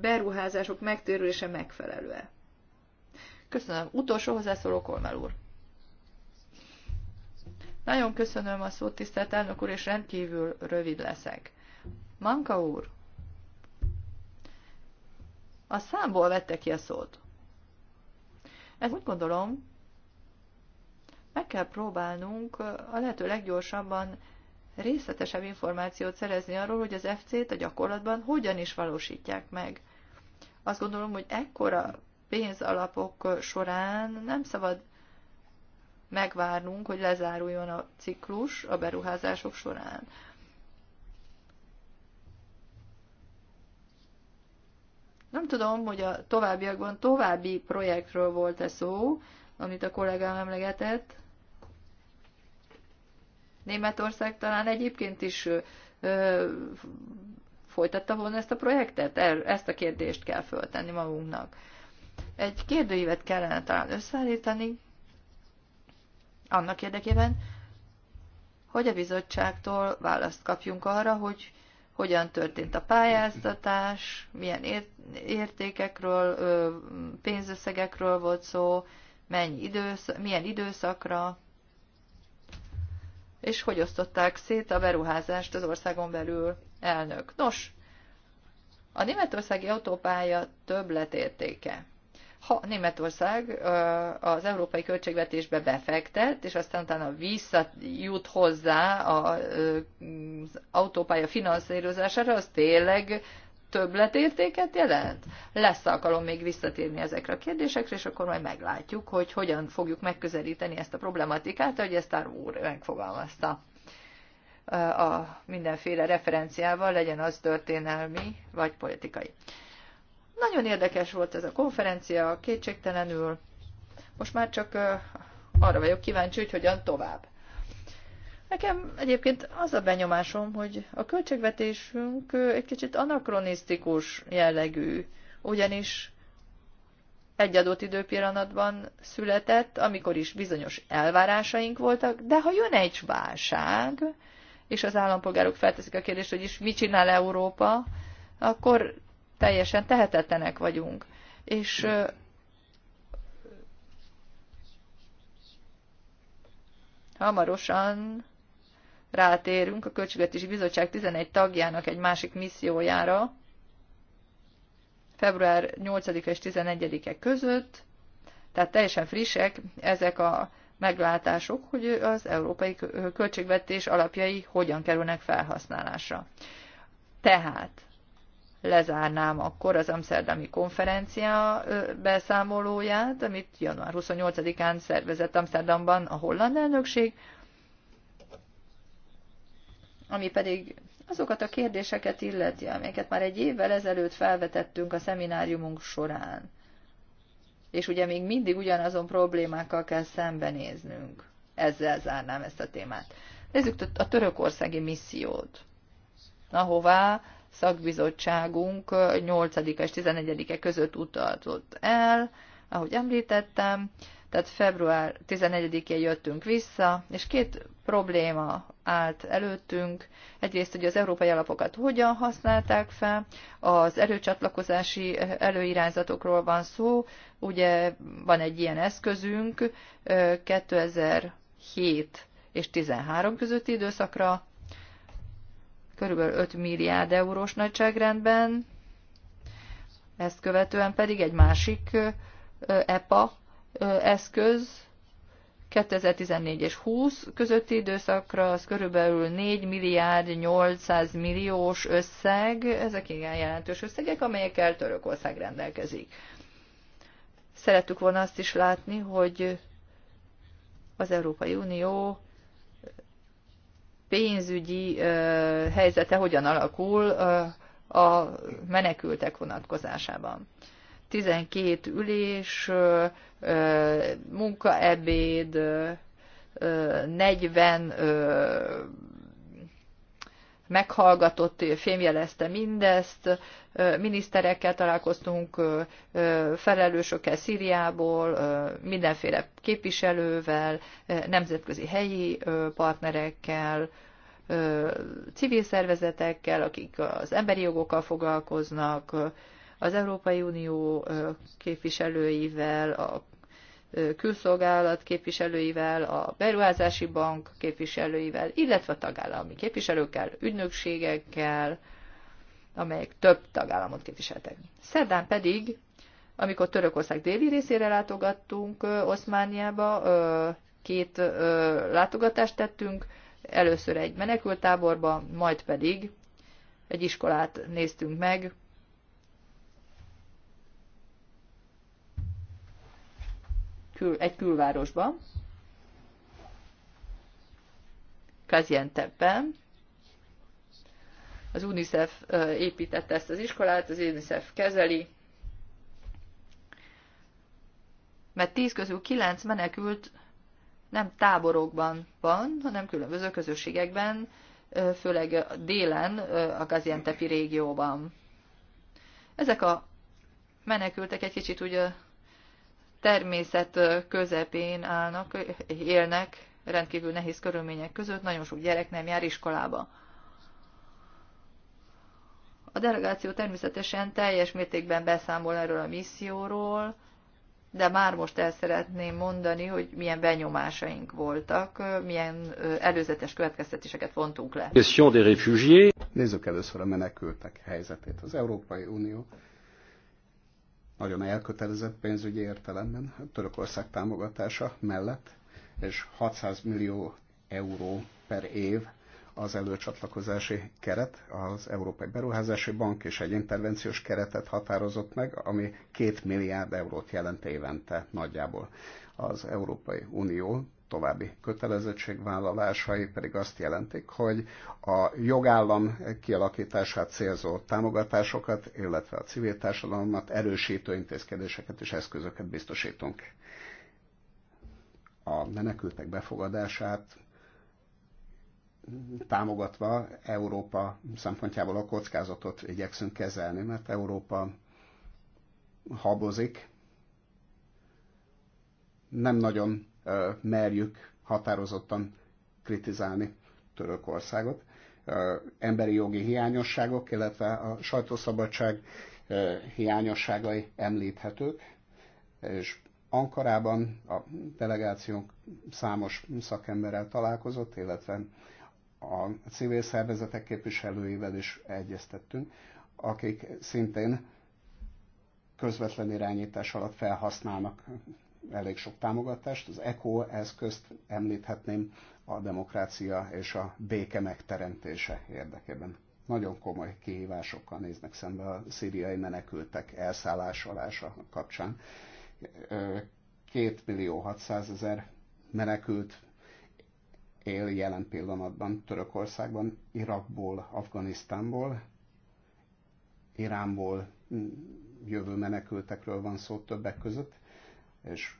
beruházások megtérülése megfelelő-e. Köszönöm. Utolsó hozzászóló Kolmel úr. Nagyon köszönöm a szót, tisztelt elnök úr, és rendkívül rövid leszek. Manka úr, a számból vette ki a szót. Ez úgy gondolom, meg kell próbálnunk a lehető leggyorsabban részletesebb információt szerezni arról, hogy az FC-t a gyakorlatban hogyan is valósítják meg. Azt gondolom, hogy ekkora pénzalapok során nem szabad megvárnunk, hogy lezáruljon a ciklus a beruházások során. Nem tudom, hogy a továbbiakban további projektről volt-e szó, amit a kollégám emlegetett. Németország talán egyébként is ö, folytatta volna ezt a projektet? Er, ezt a kérdést kell föltenni magunknak. Egy kérdőívet kellene talán összeállítani, annak érdekében, hogy a bizottságtól választ kapjunk arra, hogy hogyan történt a pályáztatás, milyen értékekről, pénzösszegekről volt szó, mennyi időszak, milyen időszakra, és hogy osztották szét a beruházást az országon belül elnök. Nos, a németországi autópálya többletértéke ha Németország az európai költségvetésbe befektet, és aztán utána visszajut hozzá az autópálya finanszírozására, az tényleg többletértéket jelent? Lesz alkalom még visszatérni ezekre a kérdésekre, és akkor majd meglátjuk, hogy hogyan fogjuk megközelíteni ezt a problematikát, ahogy ezt Ár úr megfogalmazta a mindenféle referenciával, legyen az történelmi vagy politikai. Nagyon érdekes volt ez a konferencia, kétségtelenül. Most már csak arra vagyok kíváncsi, hogy hogyan tovább. Nekem egyébként az a benyomásom, hogy a költségvetésünk egy kicsit anakronisztikus jellegű, ugyanis egy adott időpillanatban született, amikor is bizonyos elvárásaink voltak, de ha jön egy válság, és az állampolgárok felteszik a kérdést, hogy is mit csinál Európa, akkor teljesen tehetetlenek vagyunk. És hamarosan rátérünk a Költségvetési Bizottság 11 tagjának egy másik missziójára, február 8 és 11-e között, tehát teljesen frissek ezek a meglátások, hogy az európai költségvetés alapjai hogyan kerülnek felhasználásra. Tehát lezárnám akkor az Amsterdami konferencia beszámolóját, amit január 28-án szervezett Amsterdamban a holland elnökség, ami pedig azokat a kérdéseket illeti, amelyeket már egy évvel ezelőtt felvetettünk a szemináriumunk során. És ugye még mindig ugyanazon problémákkal kell szembenéznünk. Ezzel zárnám ezt a témát. Nézzük a törökországi missziót, ahová szakbizottságunk 8 és 11-e között utazott el, ahogy említettem, tehát február 14-én jöttünk vissza, és két probléma állt előttünk. Egyrészt, hogy az európai alapokat hogyan használták fel, az előcsatlakozási előirányzatokról van szó, ugye van egy ilyen eszközünk 2007 és 13 közötti időszakra, körülbelül 5 milliárd eurós nagyságrendben, ezt követően pedig egy másik EPA eszköz 2014 és 20 közötti időszakra az körülbelül 4 milliárd 800 milliós összeg, ezek igen jelentős összegek, amelyekkel Törökország rendelkezik. Szerettük volna azt is látni, hogy az Európai Unió pénzügyi helyzete hogyan alakul a menekültek vonatkozásában. 12 ülés, munkaebéd, 40 meghallgatott, fémjelezte mindezt, miniszterekkel találkoztunk, felelősökkel Szíriából, mindenféle képviselővel, nemzetközi helyi partnerekkel, civil szervezetekkel, akik az emberi jogokkal foglalkoznak, az Európai Unió képviselőivel, a külszolgálat képviselőivel, a beruházási bank képviselőivel, illetve a tagállami képviselőkkel, ügynökségekkel, amelyek több tagállamot képviseltek. Szerdán pedig, amikor Törökország déli részére látogattunk Oszmániába, két látogatást tettünk, először egy menekültáborba, majd pedig egy iskolát néztünk meg, kül, egy külvárosba, Kazientebben. Az UNICEF építette ezt az iskolát, az UNICEF kezeli, mert tíz közül kilenc menekült nem táborokban van, hanem különböző közösségekben, főleg délen a Gaziantepi régióban. Ezek a menekültek egy kicsit úgy természet közepén állnak, élnek rendkívül nehéz körülmények között, nagyon sok gyerek nem jár iskolába. A delegáció természetesen teljes mértékben beszámol erről a misszióról, de már most el szeretném mondani, hogy milyen benyomásaink voltak, milyen előzetes következtetéseket vontunk le. Nézzük először a menekültek helyzetét. Az Európai Unió nagyon elkötelezett pénzügyi értelemben hát Törökország támogatása mellett, és 600 millió euró per év az előcsatlakozási keret, az Európai Beruházási Bank és egy intervenciós keretet határozott meg, ami 2 milliárd eurót jelent évente nagyjából. Az Európai Unió további kötelezettségvállalásai pedig azt jelentik, hogy a jogállam kialakítását célzó támogatásokat, illetve a civil társadalmat erősítő intézkedéseket és eszközöket biztosítunk. A menekültek befogadását támogatva Európa szempontjából a kockázatot igyekszünk kezelni, mert Európa habozik, nem nagyon merjük határozottan kritizálni Törökországot. Emberi jogi hiányosságok, illetve a sajtószabadság hiányosságai említhetők, és Ankarában a delegációnk számos szakemberrel találkozott, illetve a civil szervezetek képviselőivel is egyeztettünk, akik szintén közvetlen irányítás alatt felhasználnak elég sok támogatást. Az ECO eszközt említhetném a demokrácia és a béke megteremtése érdekében. Nagyon komoly kihívásokkal néznek szembe a szíriai menekültek elszállásolása kapcsán. 2 millió 600 ezer menekült él jelen pillanatban Törökországban, Irakból, Afganisztánból, Iránból mm, jövő menekültekről van szó többek között, és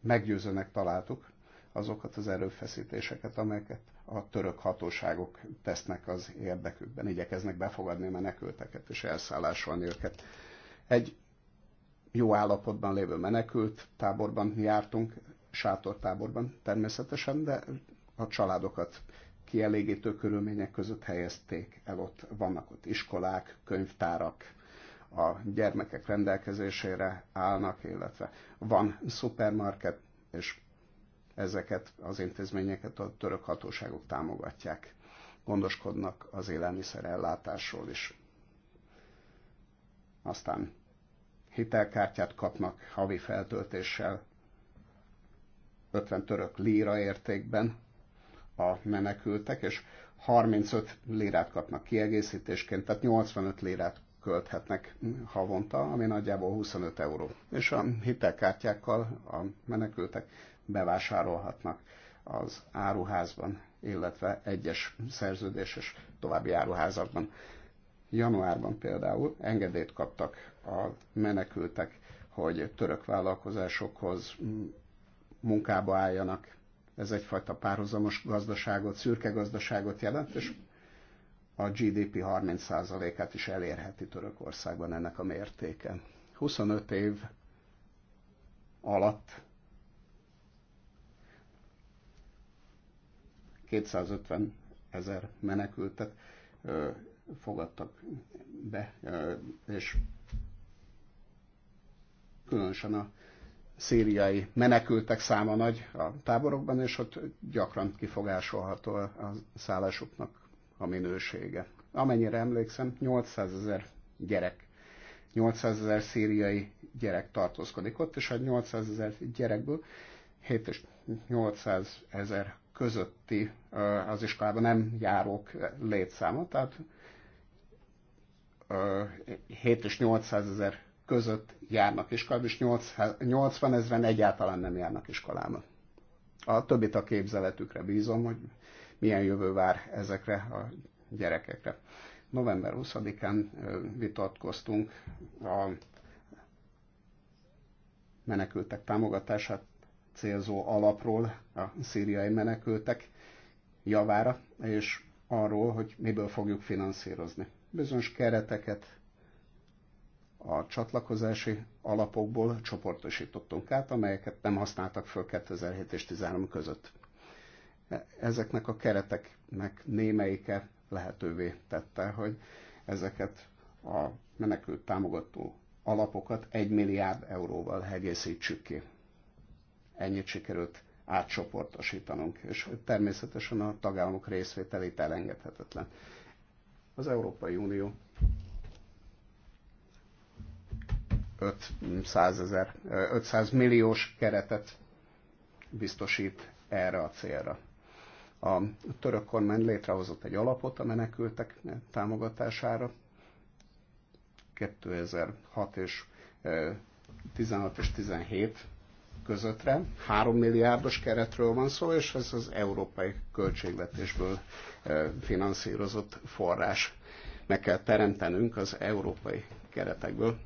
meggyőzőnek találtuk azokat az erőfeszítéseket, amelyeket a török hatóságok tesznek az érdekükben, igyekeznek befogadni menekülteket és elszállásolni őket. Egy jó állapotban lévő menekült táborban jártunk, sátortáborban természetesen, de a családokat kielégítő körülmények között helyezték el ott. Vannak ott iskolák, könyvtárak, a gyermekek rendelkezésére állnak, illetve van szupermarket, és ezeket az intézményeket a török hatóságok támogatják, gondoskodnak az élelmiszer ellátásról is. Aztán hitelkártyát kapnak havi feltöltéssel, 50 török líra értékben a menekültek, és 35 lírát kapnak kiegészítésként, tehát 85 lírát költhetnek havonta, ami nagyjából 25 euró. És a hitelkártyákkal a menekültek bevásárolhatnak az áruházban, illetve egyes szerződéses további áruházakban. Januárban például engedélyt kaptak a menekültek, hogy török vállalkozásokhoz munkába álljanak. Ez egyfajta párhuzamos gazdaságot, szürke gazdaságot jelent, és a GDP 30%-át is elérheti Törökországban ennek a mértéke. 25 év alatt 250 ezer menekültet ö, fogadtak be, ö, és különösen a szíriai menekültek száma nagy a táborokban, és ott gyakran kifogásolható a szállásuknak a minősége. Amennyire emlékszem, 800 ezer gyerek, 800 ezer szíriai gyerek tartózkodik ott, és a 800 ezer gyerekből 7 és 800 ezer közötti az iskolában nem járók létszáma, tehát 7 és 800 ezer között járnak iskolába, és 80 ezeren egyáltalán nem járnak iskolába. A többit a képzeletükre bízom, hogy milyen jövő vár ezekre a gyerekekre. November 20-án vitatkoztunk a menekültek támogatását célzó alapról a szíriai menekültek javára, és arról, hogy miből fogjuk finanszírozni. Bizonyos kereteket a csatlakozási alapokból csoportosítottunk át, amelyeket nem használtak föl 2007 és 2013 között ezeknek a kereteknek némelyike lehetővé tette, hogy ezeket a menekült támogató alapokat egy milliárd euróval egészítsük ki. Ennyit sikerült átcsoportosítanunk, és természetesen a tagállamok részvételét elengedhetetlen. Az Európai Unió 500, ezer, 500 milliós keretet biztosít erre a célra. A török kormány létrehozott egy alapot a menekültek támogatására 2006 és 16 és 17 közöttre. 3 milliárdos keretről van szó, és ez az európai költségvetésből finanszírozott forrás. Meg kell teremtenünk az európai keretekből.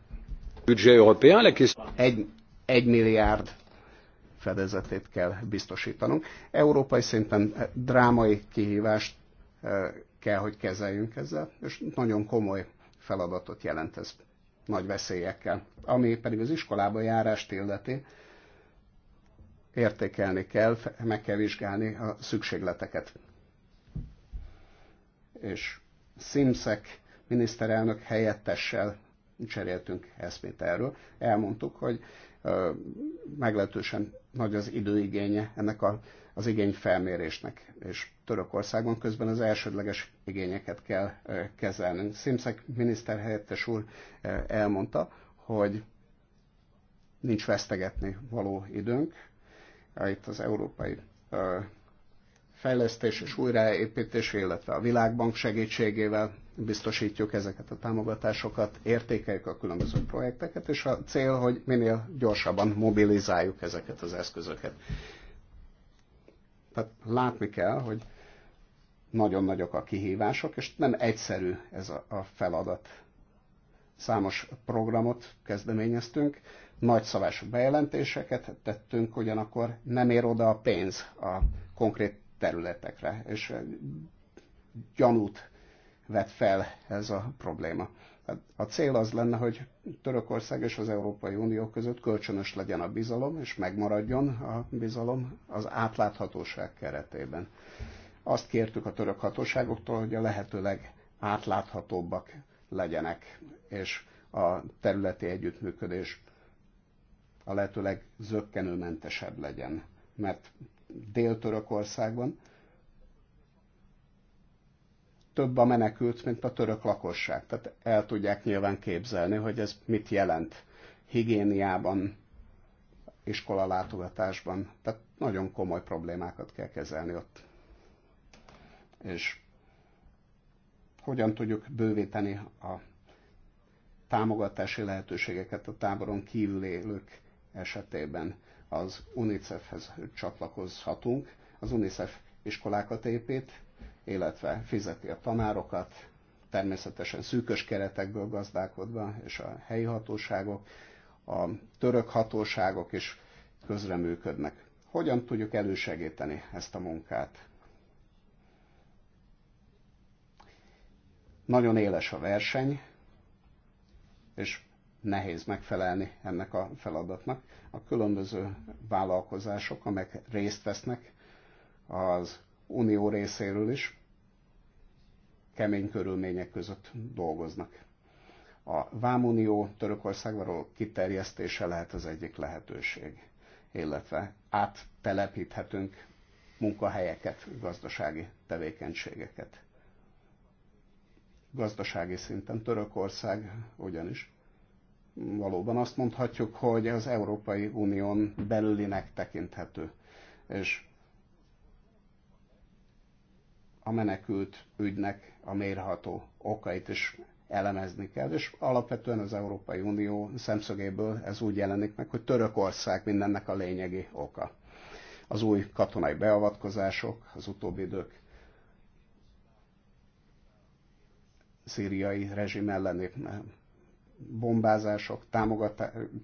1, 1 milliárd fedezetét kell biztosítanunk. Európai szinten drámai kihívást eh, kell, hogy kezeljünk ezzel, és nagyon komoly feladatot jelent ez nagy veszélyekkel. Ami pedig az iskolába járást illeti, értékelni kell, meg kell vizsgálni a szükségleteket. És Simszek miniszterelnök helyettessel cseréltünk eszmét erről. Elmondtuk, hogy eh, meglehetősen nagy az időigénye ennek a, az felmérésnek, és törökországon közben az elsődleges igényeket kell kezelnünk. Szimszek miniszterhelyettes úr elmondta, hogy nincs vesztegetni való időnk. Itt az európai fejlesztés és újraépítés, illetve a Világbank segítségével biztosítjuk ezeket a támogatásokat, értékeljük a különböző projekteket, és a cél, hogy minél gyorsabban mobilizáljuk ezeket az eszközöket. Tehát látni kell, hogy nagyon nagyok a kihívások, és nem egyszerű ez a feladat. Számos programot kezdeményeztünk, nagyszabású bejelentéseket tettünk, ugyanakkor nem ér oda a pénz a konkrét területekre, és gyanút vet fel ez a probléma. Hát a cél az lenne, hogy Törökország és az Európai Unió között kölcsönös legyen a bizalom, és megmaradjon a bizalom az átláthatóság keretében. Azt kértük a török hatóságoktól, hogy a lehetőleg átláthatóbbak legyenek, és a területi együttműködés a lehetőleg zöggenőmentesebb legyen, mert Dél-Törökországban több a menekült, mint a török lakosság. Tehát el tudják nyilván képzelni, hogy ez mit jelent higiéniában, iskola látogatásban. Tehát nagyon komoly problémákat kell kezelni ott. És hogyan tudjuk bővíteni a támogatási lehetőségeket a táboron kívül élők esetében az UNICEF-hez csatlakozhatunk. Az UNICEF iskolákat épít, illetve fizeti a tanárokat, természetesen szűkös keretekből gazdálkodva, és a helyi hatóságok, a török hatóságok is közreműködnek. Hogyan tudjuk elősegíteni ezt a munkát? Nagyon éles a verseny, és nehéz megfelelni ennek a feladatnak. A különböző vállalkozások, amelyek részt vesznek az unió részéről is, kemény körülmények között dolgoznak. A Vámunió Törökország kiterjesztése lehet az egyik lehetőség, illetve áttelepíthetünk munkahelyeket, gazdasági tevékenységeket. Gazdasági szinten Törökország ugyanis valóban azt mondhatjuk, hogy az Európai Unión belülinek tekinthető. És a menekült ügynek a mérható okait is elemezni kell, és alapvetően az Európai Unió szemszögéből ez úgy jelenik meg, hogy Törökország mindennek a lényegi oka. Az új katonai beavatkozások, az utóbbi idők szíriai rezsim elleni bombázások,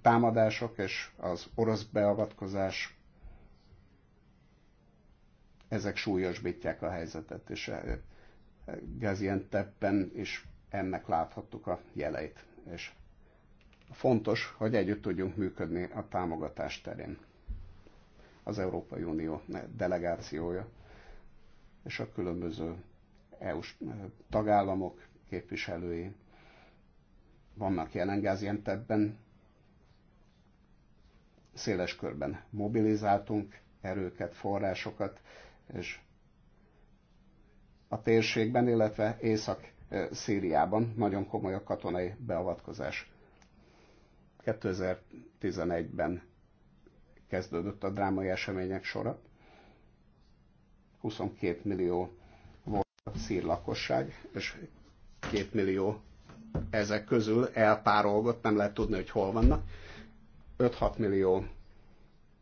támadások és az orosz beavatkozás ezek súlyosbítják a helyzetet, és eh, Gaziantepben is ennek láthattuk a jeleit. És fontos, hogy együtt tudjunk működni a támogatás terén. Az Európai Unió eh, delegációja és a különböző EU-s eh, tagállamok képviselői vannak jelen Gaziantepben, széles körben mobilizáltunk erőket, forrásokat, és a térségben, illetve Észak-Szíriában nagyon komoly a katonai beavatkozás. 2011-ben kezdődött a drámai események sora. 22 millió volt a szír lakosság, és 2 millió ezek közül elpárolgott, nem lehet tudni, hogy hol vannak. 5-6 millió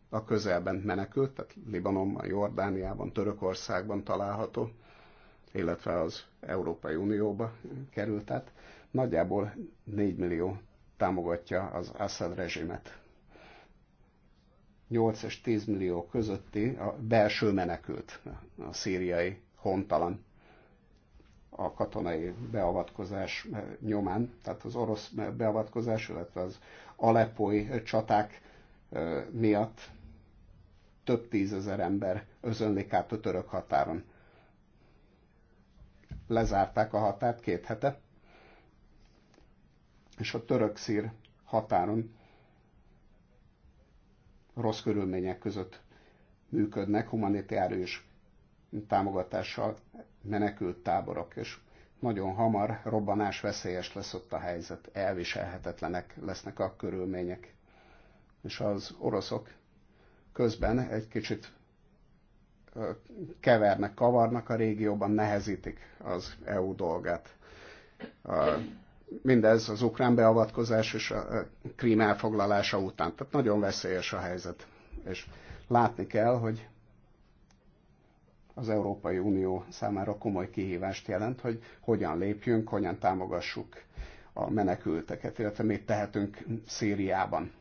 a közelben menekült, tehát Libanonban, Jordániában, Törökországban található, illetve az Európai Unióba került, tehát nagyjából 4 millió támogatja az Assad rezsimet. 8 és 10 millió közötti a belső menekült, a szíriai hontalan a katonai beavatkozás eh, nyomán, tehát az orosz beavatkozás, illetve az alepói csaták eh, miatt több tízezer ember özönlik át a török határon. Lezárták a határt két hete, és a török-szír határon rossz körülmények között működnek humanitárius támogatással menekült táborok, és nagyon hamar robbanás veszélyes lesz ott a helyzet, elviselhetetlenek lesznek a körülmények. És az oroszok közben egy kicsit kevernek, kavarnak a régióban, nehezítik az EU dolgát. Mindez az ukrán beavatkozás és a krím elfoglalása után. Tehát nagyon veszélyes a helyzet. És látni kell, hogy az Európai Unió számára komoly kihívást jelent, hogy hogyan lépjünk, hogyan támogassuk a menekülteket, illetve mit tehetünk Szíriában.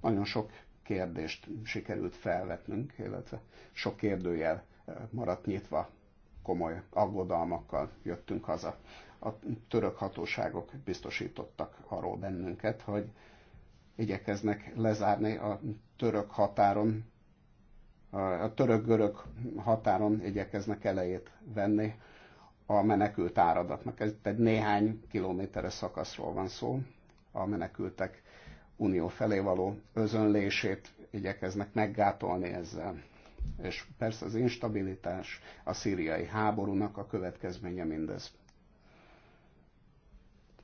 Nagyon sok kérdést sikerült felvetnünk, illetve sok kérdőjel eh, maradt nyitva, komoly aggodalmakkal jöttünk haza. A török hatóságok biztosítottak arról bennünket, hogy igyekeznek lezárni a török határon a török-görög határon igyekeznek elejét venni a menekült áradatnak. Ez egy néhány kilométeres szakaszról van szó. A menekültek unió felé való özönlését igyekeznek meggátolni ezzel. És persze az instabilitás, a szíriai háborúnak a következménye mindez.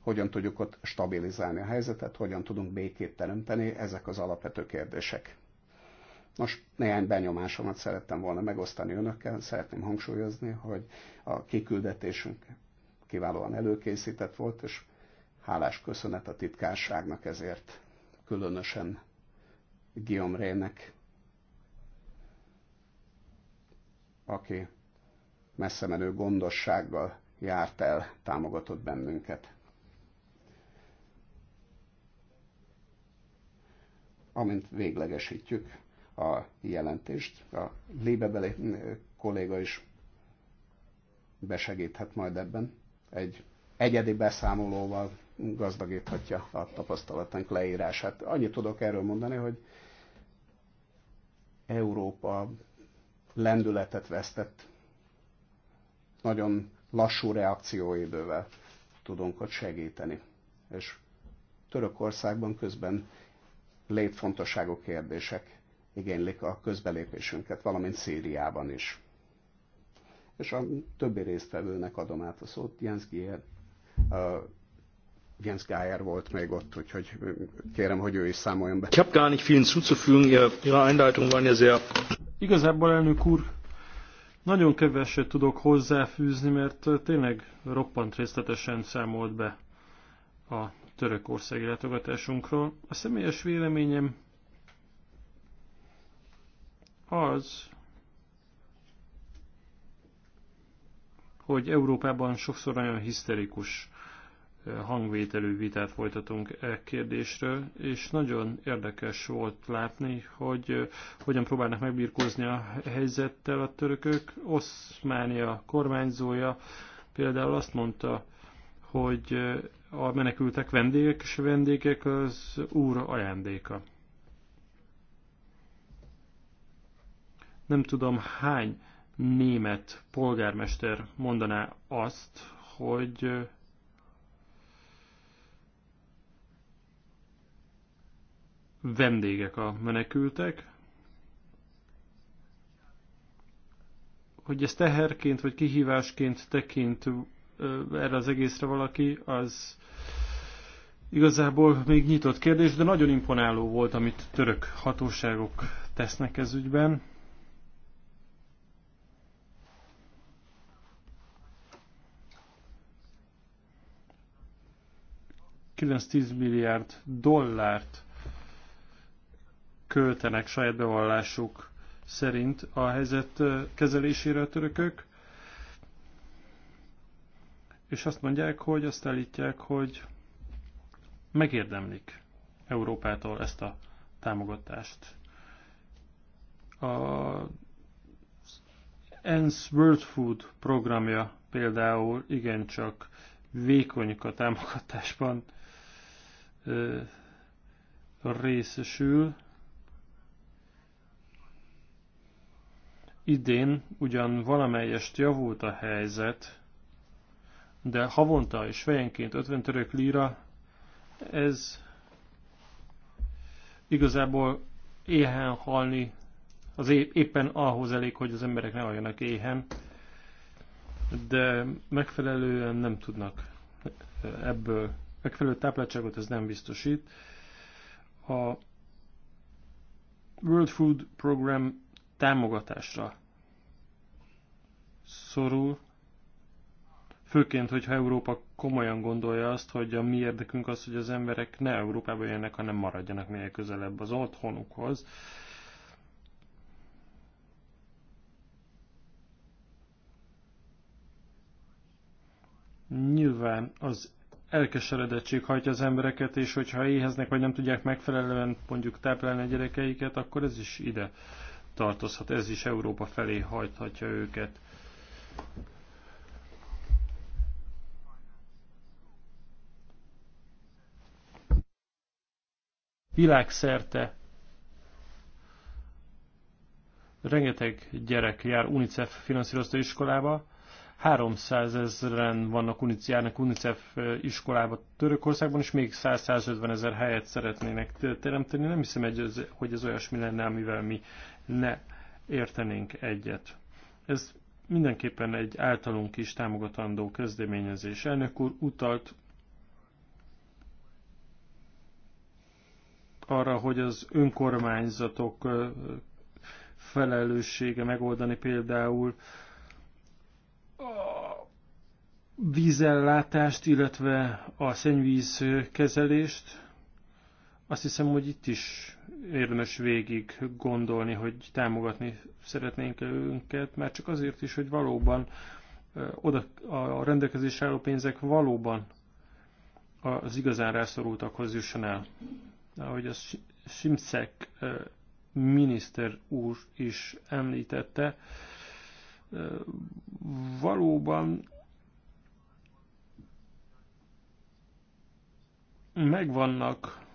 Hogyan tudjuk ott stabilizálni a helyzetet, hogyan tudunk békét teremteni, ezek az alapvető kérdések. Most néhány benyomásomat szerettem volna megosztani önökkel. Szeretném hangsúlyozni, hogy a kiküldetésünk kiválóan előkészített volt, és hálás köszönet a titkárságnak ezért, különösen Guillaume Rének, aki messze menő gondossággal járt el, támogatott bennünket. Amint véglegesítjük a jelentést. A lébebeli mm, kolléga is besegíthet majd ebben. Egy egyedi beszámolóval gazdagíthatja a tapasztalatunk leírását. Annyit tudok erről mondani, hogy Európa lendületet vesztett. Nagyon lassú reakcióidővel tudunk ott segíteni. És Törökországban közben létfontosságú kérdések igénylik a közbelépésünket, valamint Szíriában is. És a többi résztvevőnek adom át a szót, Jens Gier, uh, Jens Geyer volt még ott, úgyhogy kérem, hogy ő is számoljon be. Ich habe gar nicht Ihre Einleitung ja sehr... Igazából, elnök úr, nagyon keveset tudok hozzáfűzni, mert tényleg roppant részletesen számolt be a törökországi látogatásunkról. A személyes véleményem az, hogy Európában sokszor nagyon hiszterikus eh, hangvételű vitát folytatunk e kérdésről, és nagyon érdekes volt látni, hogy eh, hogyan próbálnak megbirkózni a helyzettel a törökök. Oszmánia kormányzója például azt mondta, hogy eh, a menekültek vendégek, és a vendégek az úr ajándéka. Nem tudom hány német polgármester mondaná azt, hogy vendégek a menekültek, hogy ez teherként vagy kihívásként tekint erre az egészre valaki, az igazából még nyitott kérdés, de nagyon imponáló volt, amit török hatóságok tesznek ez ügyben. 9-10 milliárd dollárt költenek saját bevallásuk szerint a helyzet kezelésére a törökök, és azt mondják, hogy azt állítják, hogy megérdemlik Európától ezt a támogatást. A ENSZ World Food programja például igencsak vékonyka támogatásban részesül. Idén ugyan valamelyest javult a helyzet, de havonta és fejenként 50 török líra, ez igazából éhen halni, az éppen ahhoz elég, hogy az emberek ne halljanak éhen, de megfelelően nem tudnak ebből megfelelő tápláltságot ez nem biztosít. A World Food Program támogatásra szorul, főként, hogyha Európa komolyan gondolja azt, hogy a mi érdekünk az, hogy az emberek ne Európába jönnek, hanem maradjanak minél közelebb az otthonukhoz. Nyilván az elkeseredettség hajtja az embereket, és hogyha éheznek, vagy nem tudják megfelelően mondjuk táplálni a gyerekeiket, akkor ez is ide tartozhat, ez is Európa felé hajthatja őket. Világszerte rengeteg gyerek jár UNICEF finanszírozta iskolába, 300 ezeren vannak járnak UNICEF iskolába Törökországban, és még 100-150 ezer helyet szeretnének teremteni. Nem hiszem, hogy ez olyasmi lenne, amivel mi ne értenénk egyet. Ez mindenképpen egy általunk is támogatandó kezdeményezés. Elnök úr utalt arra, hogy az önkormányzatok felelőssége megoldani például a vízellátást, illetve a szennyvíz kezelést. Azt hiszem, hogy itt is érdemes végig gondolni, hogy támogatni szeretnénk önket, mert csak azért is, hogy valóban oda a rendelkezésre álló pénzek valóban az igazán rászorultakhoz jusson el. Ahogy a Simszek miniszter úr is említette, valóban megvannak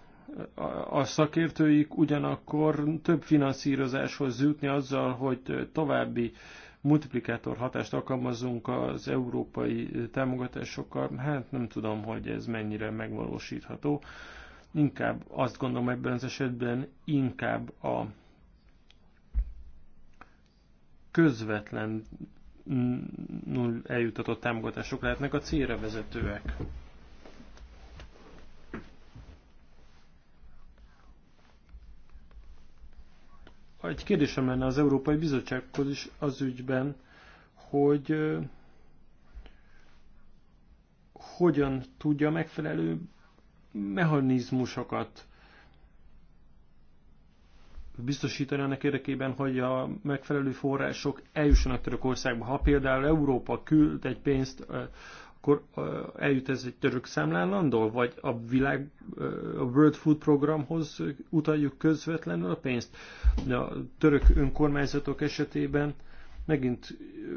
a szakértőik, ugyanakkor több finanszírozáshoz jutni azzal, hogy további multiplikátor hatást alkalmazunk az európai támogatásokkal, hát nem tudom, hogy ez mennyire megvalósítható. Inkább azt gondolom ebben az esetben inkább a közvetlen eljutatott támogatások lehetnek a célra vezetőek. Egy kérdésem lenne az Európai Bizottsághoz is az ügyben, hogy hogyan tudja megfelelő mechanizmusokat biztosítani annak érdekében, hogy a megfelelő források eljussanak Törökországba. Ha például Európa küld egy pénzt, akkor eljut ez egy török számlálandól, vagy a világ a World Food programhoz utaljuk közvetlenül a pénzt. A török önkormányzatok esetében megint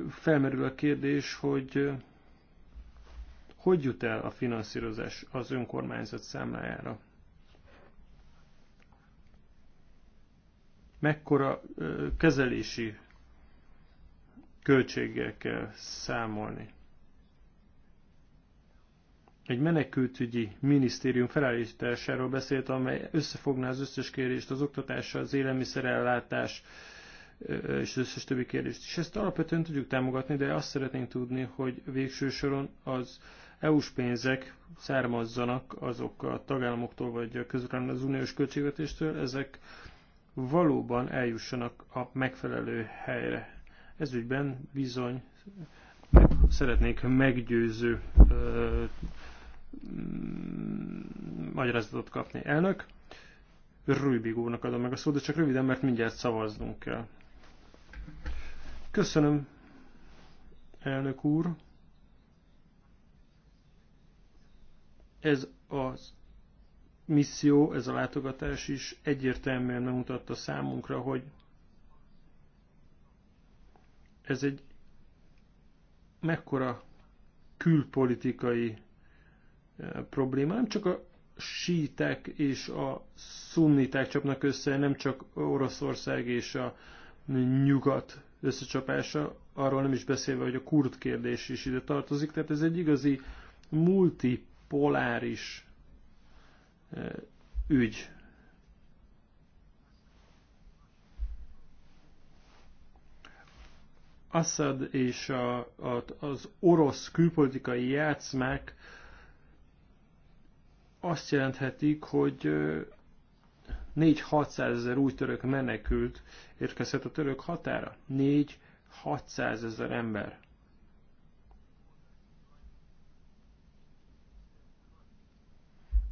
felmerül a kérdés, hogy hogy jut el a finanszírozás az önkormányzat számlájára. mekkora kezelési költséggel kell számolni. Egy menekültügyi minisztérium felállításáról beszélt, amely összefogná az összes kérdést, az oktatással, az élelmiszerellátás és az összes többi kérdést. És ezt alapvetően tudjuk támogatni, de azt szeretnénk tudni, hogy végső soron az EU-s pénzek származzanak azok a tagállamoktól, vagy közvetlenül az uniós költségvetéstől, ezek valóban eljussanak a megfelelő helyre. Ezügyben bizony meg, szeretnék meggyőző ö, mm, magyarázatot kapni. Elnök, Rübig adom meg a szót, de csak röviden, mert mindjárt szavaznunk kell. Köszönöm, elnök úr. Ez az misszió, ez a látogatás is egyértelműen megmutatta számunkra, hogy ez egy mekkora külpolitikai eh, probléma. Nem csak a síták és a szunniták csapnak össze, nem csak Oroszország és a nyugat összecsapása, arról nem is beszélve, hogy a kurd kérdés is ide tartozik. Tehát ez egy igazi multipoláris ügy. Assad és a, a, az orosz külpolitikai játszmák azt jelenthetik, hogy 4-600 ezer új török menekült érkezhet a török határa. 4-600 ezer ember.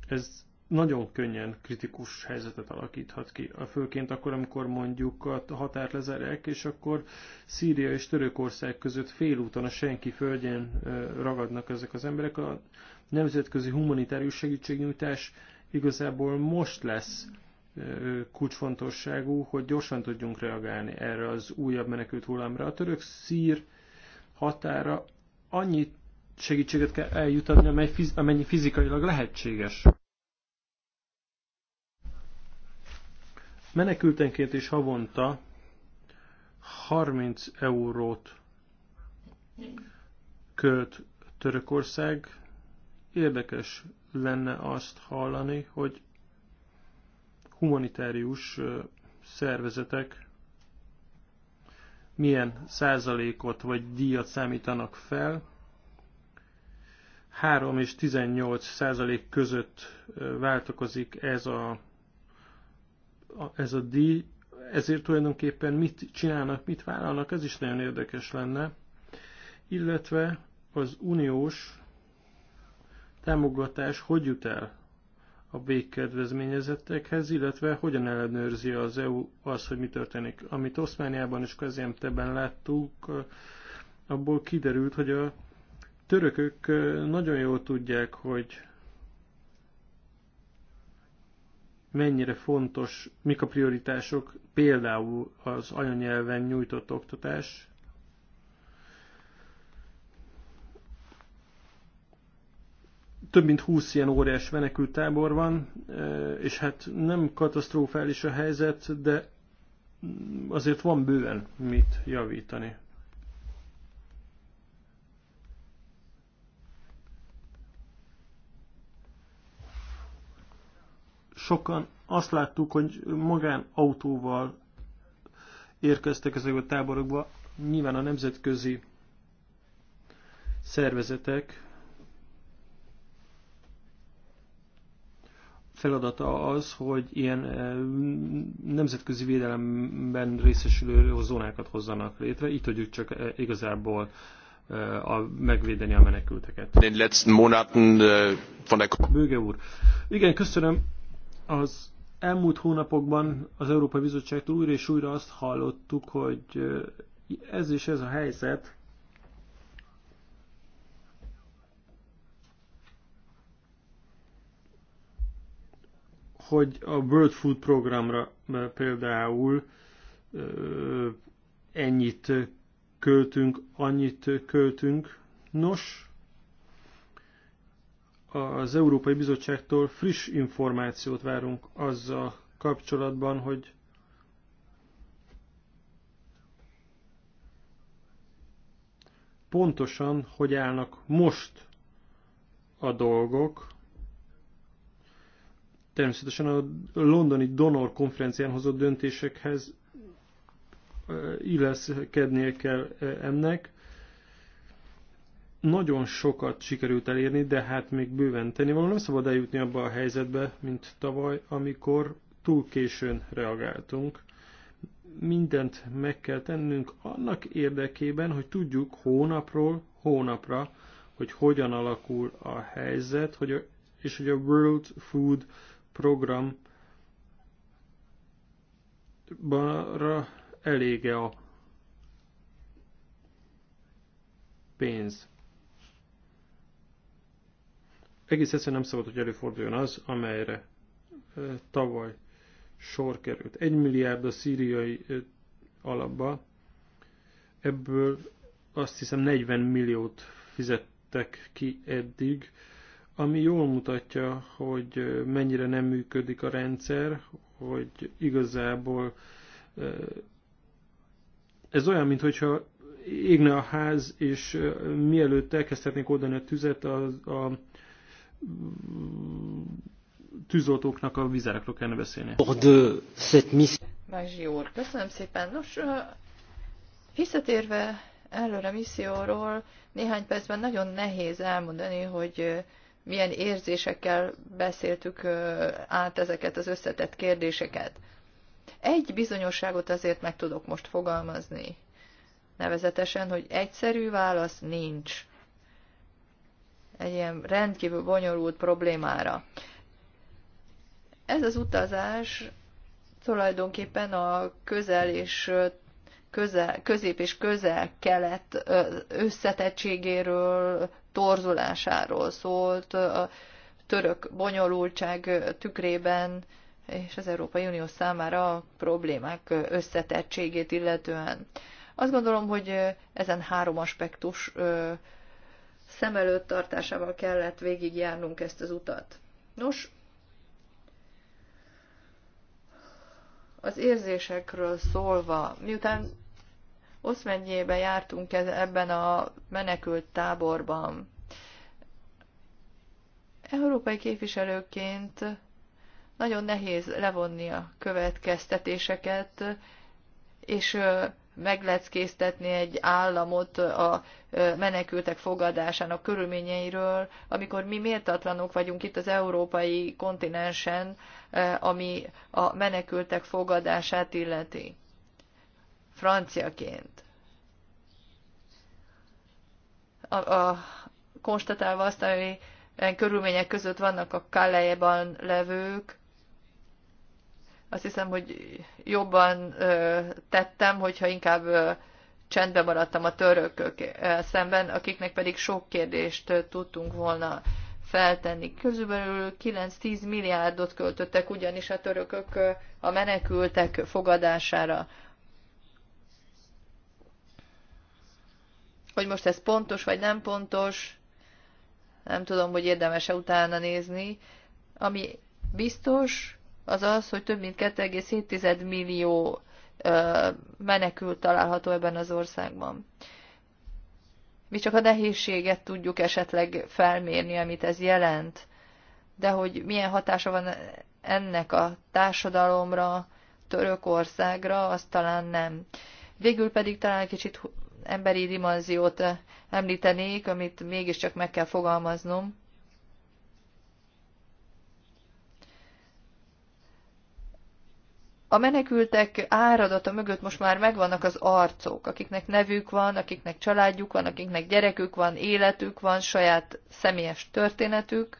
Ez nagyon könnyen kritikus helyzetet alakíthat ki. Főként akkor, amikor mondjuk a határt lezerek, és akkor Szíria és Törökország között félúton a senki földjén ragadnak ezek az emberek. A nemzetközi humanitárius segítségnyújtás igazából most lesz kulcsfontosságú, hogy gyorsan tudjunk reagálni erre az újabb menekült hullámra. A török-szír határa annyit segítséget kell eljutatni, amennyi fizikailag lehetséges. Menekültenként is havonta 30 eurót költ Törökország. Érdekes lenne azt hallani, hogy humanitárius szervezetek milyen százalékot vagy díjat számítanak fel. 3 és 18 százalék között változik ez a ez a díj, ezért tulajdonképpen mit csinálnak, mit vállalnak, ez is nagyon érdekes lenne. Illetve az uniós támogatás hogy jut el a végkedvezményezettekhez, illetve hogyan ellenőrzi az EU az, hogy mi történik. Amit Oszmániában és Kazemteben láttuk, abból kiderült, hogy a törökök nagyon jól tudják, hogy mennyire fontos, mik a prioritások, például az anyanyelven nyújtott oktatás, több mint 20 ilyen óriás menekültábor van, és hát nem katasztrofális a helyzet, de azért van bőven mit javítani. sokan azt láttuk, hogy autóval érkeztek ezekbe a táborokba. Nyilván a nemzetközi szervezetek feladata az, hogy ilyen eh, nemzetközi védelemben részesülő zónákat hozzanak létre. Itt tudjuk csak eh, igazából eh, a, megvédeni a menekülteket. Den letzten Monaten von der Bőge úr. Igen, köszönöm. Az elmúlt hónapokban az Európai Bizottságtól újra és újra azt hallottuk, hogy eh, ez is ez a helyzet, hogy a World Food programra eh, például eh, ennyit költünk, annyit költünk. Nos, az Európai Bizottságtól friss információt várunk azzal kapcsolatban, hogy pontosan hogy állnak most a dolgok. Természetesen a londoni donor konferencián hozott döntésekhez illeszkednie kell ennek nagyon sokat sikerült elérni, de hát még bőven tennivaló. Nem szabad eljutni abba a helyzetbe, mint tavaly, amikor túl későn reagáltunk. Mindent meg kell tennünk annak érdekében, hogy tudjuk hónapról hónapra, hogy hogyan alakul a helyzet, hogy a, és hogy a World Food Program elége a pénz egész egyszerűen nem szabad, hogy előforduljon az, amelyre tavaly sor került. Egy milliárd a szíriai alapba, ebből azt hiszem 40 milliót fizettek ki eddig, ami jól mutatja, hogy mennyire nem működik a rendszer, hogy igazából ez olyan, mintha égne a ház, és mielőtt elkezdhetnénk oldani a tüzet, a, a tűzoltóknak a vizárakról kellene beszélni. Mázsi úr, köszönöm szépen. Nos, visszatérve előre misszióról, néhány percben nagyon nehéz elmondani, hogy milyen érzésekkel beszéltük át ezeket az összetett kérdéseket. Egy bizonyosságot azért meg tudok most fogalmazni, nevezetesen, hogy egyszerű válasz nincs egy ilyen rendkívül bonyolult problémára. Ez az utazás tulajdonképpen a közel és közel, közép és közel-kelet összetettségéről, torzulásáról szólt, a török bonyolultság tükrében és az Európai Unió számára a problémák összetettségét illetően. Azt gondolom, hogy ezen három aspektus szem előtt tartásával kellett végigjárnunk ezt az utat. Nos, az érzésekről szólva, miután Oszmentjében jártunk ebben a menekült táborban, európai képviselőként nagyon nehéz levonni a következtetéseket, és megleckéztetni egy államot a menekültek fogadásának körülményeiről, amikor mi méltatlanok vagyunk itt az európai kontinensen, ami a menekültek fogadását illeti. Franciaként. A, a, konstatálva azt, hogy körülmények között vannak a Calais-ban levők, azt hiszem, hogy jobban tettem, hogyha inkább csendben maradtam a törökök szemben, akiknek pedig sok kérdést tudtunk volna feltenni. Közülbelül 9-10 milliárdot költöttek ugyanis a törökök a menekültek fogadására. Hogy most ez pontos vagy nem pontos, nem tudom, hogy érdemes-e utána nézni. Ami biztos, az az, hogy több mint 2,7 millió menekült található ebben az országban. Mi csak a nehézséget tudjuk esetleg felmérni, amit ez jelent, de hogy milyen hatása van ennek a társadalomra, Törökországra, azt talán nem. Végül pedig talán kicsit emberi dimenziót említenék, amit mégiscsak meg kell fogalmaznom. a menekültek áradata mögött most már megvannak az arcok, akiknek nevük van, akiknek családjuk van, akiknek gyerekük van, életük van, saját személyes történetük,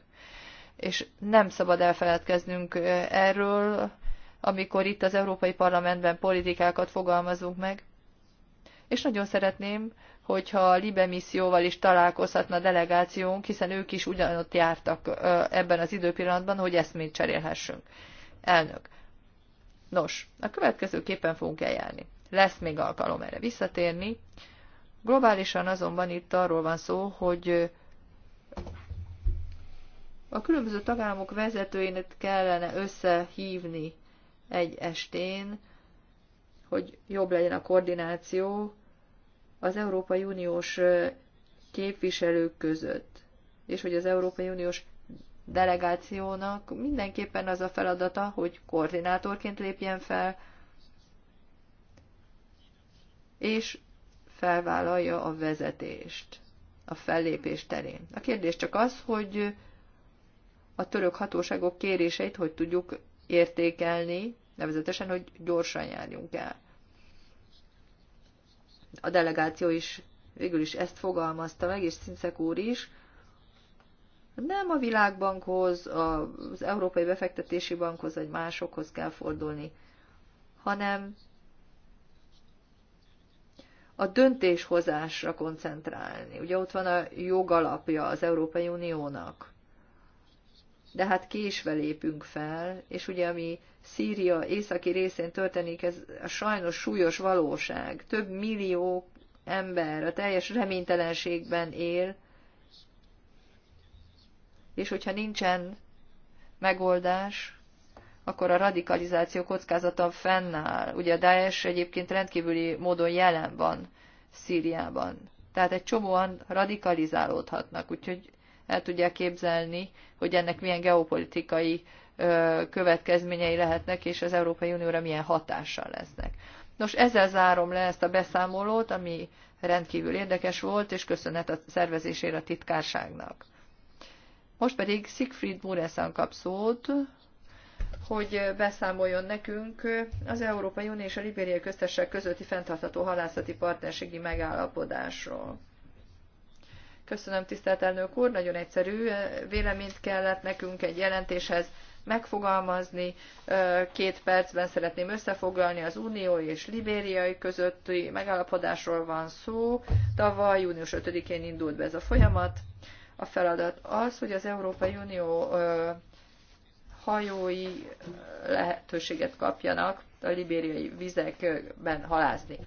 és nem szabad elfeledkeznünk erről, amikor itt az Európai Parlamentben politikákat fogalmazunk meg. És nagyon szeretném, hogyha a Libe misszióval is találkozhatna a delegációnk, hiszen ők is ugyanott jártak ebben az időpillanatban, hogy eszmét cserélhessünk. Elnök. Nos, a következő képen fogunk eljárni. Lesz még alkalom erre visszatérni. Globálisan azonban itt arról van szó, hogy a különböző tagállamok vezetőinet kellene összehívni egy estén, hogy jobb legyen a koordináció az Európai Uniós képviselők között, és hogy az Európai Uniós delegációnak mindenképpen az a feladata, hogy koordinátorként lépjen fel, és felvállalja a vezetést a fellépés terén. A kérdés csak az, hogy a török hatóságok kéréseit hogy tudjuk értékelni, nevezetesen, hogy gyorsan járjunk el. A delegáció is végül is ezt fogalmazta meg, és Szinszek úr is, nem a világbankhoz, az Európai Befektetési Bankhoz, vagy másokhoz kell fordulni, hanem a döntéshozásra koncentrálni. Ugye ott van a jogalapja az Európai Uniónak. De hát késve lépünk fel, és ugye ami Szíria északi részén történik, ez a sajnos súlyos valóság. Több millió ember a teljes reménytelenségben él, és hogyha nincsen megoldás, akkor a radikalizáció kockázata fennáll. Ugye a Daesh egyébként rendkívüli módon jelen van Szíriában. Tehát egy csomóan radikalizálódhatnak, úgyhogy el tudják képzelni, hogy ennek milyen geopolitikai ö, következményei lehetnek, és az Európai Unióra milyen hatással lesznek. Nos, ezzel zárom le ezt a beszámolót, ami rendkívül érdekes volt, és köszönet a szervezésére a titkárságnak. Most pedig Siegfried Muresan kap szót, hogy beszámoljon nekünk az Európai Unió és a Libériai Köztesség közötti fenntartható halászati partnerségi megállapodásról. Köszönöm, tisztelt elnök úr, nagyon egyszerű véleményt kellett nekünk egy jelentéshez megfogalmazni. Két percben szeretném összefoglalni az Unió és Libériai közötti megállapodásról van szó. Tavaly június 5-én indult be ez a folyamat. A feladat az, hogy az Európai Unió hajói lehetőséget kapjanak a libériai vizekben halászni.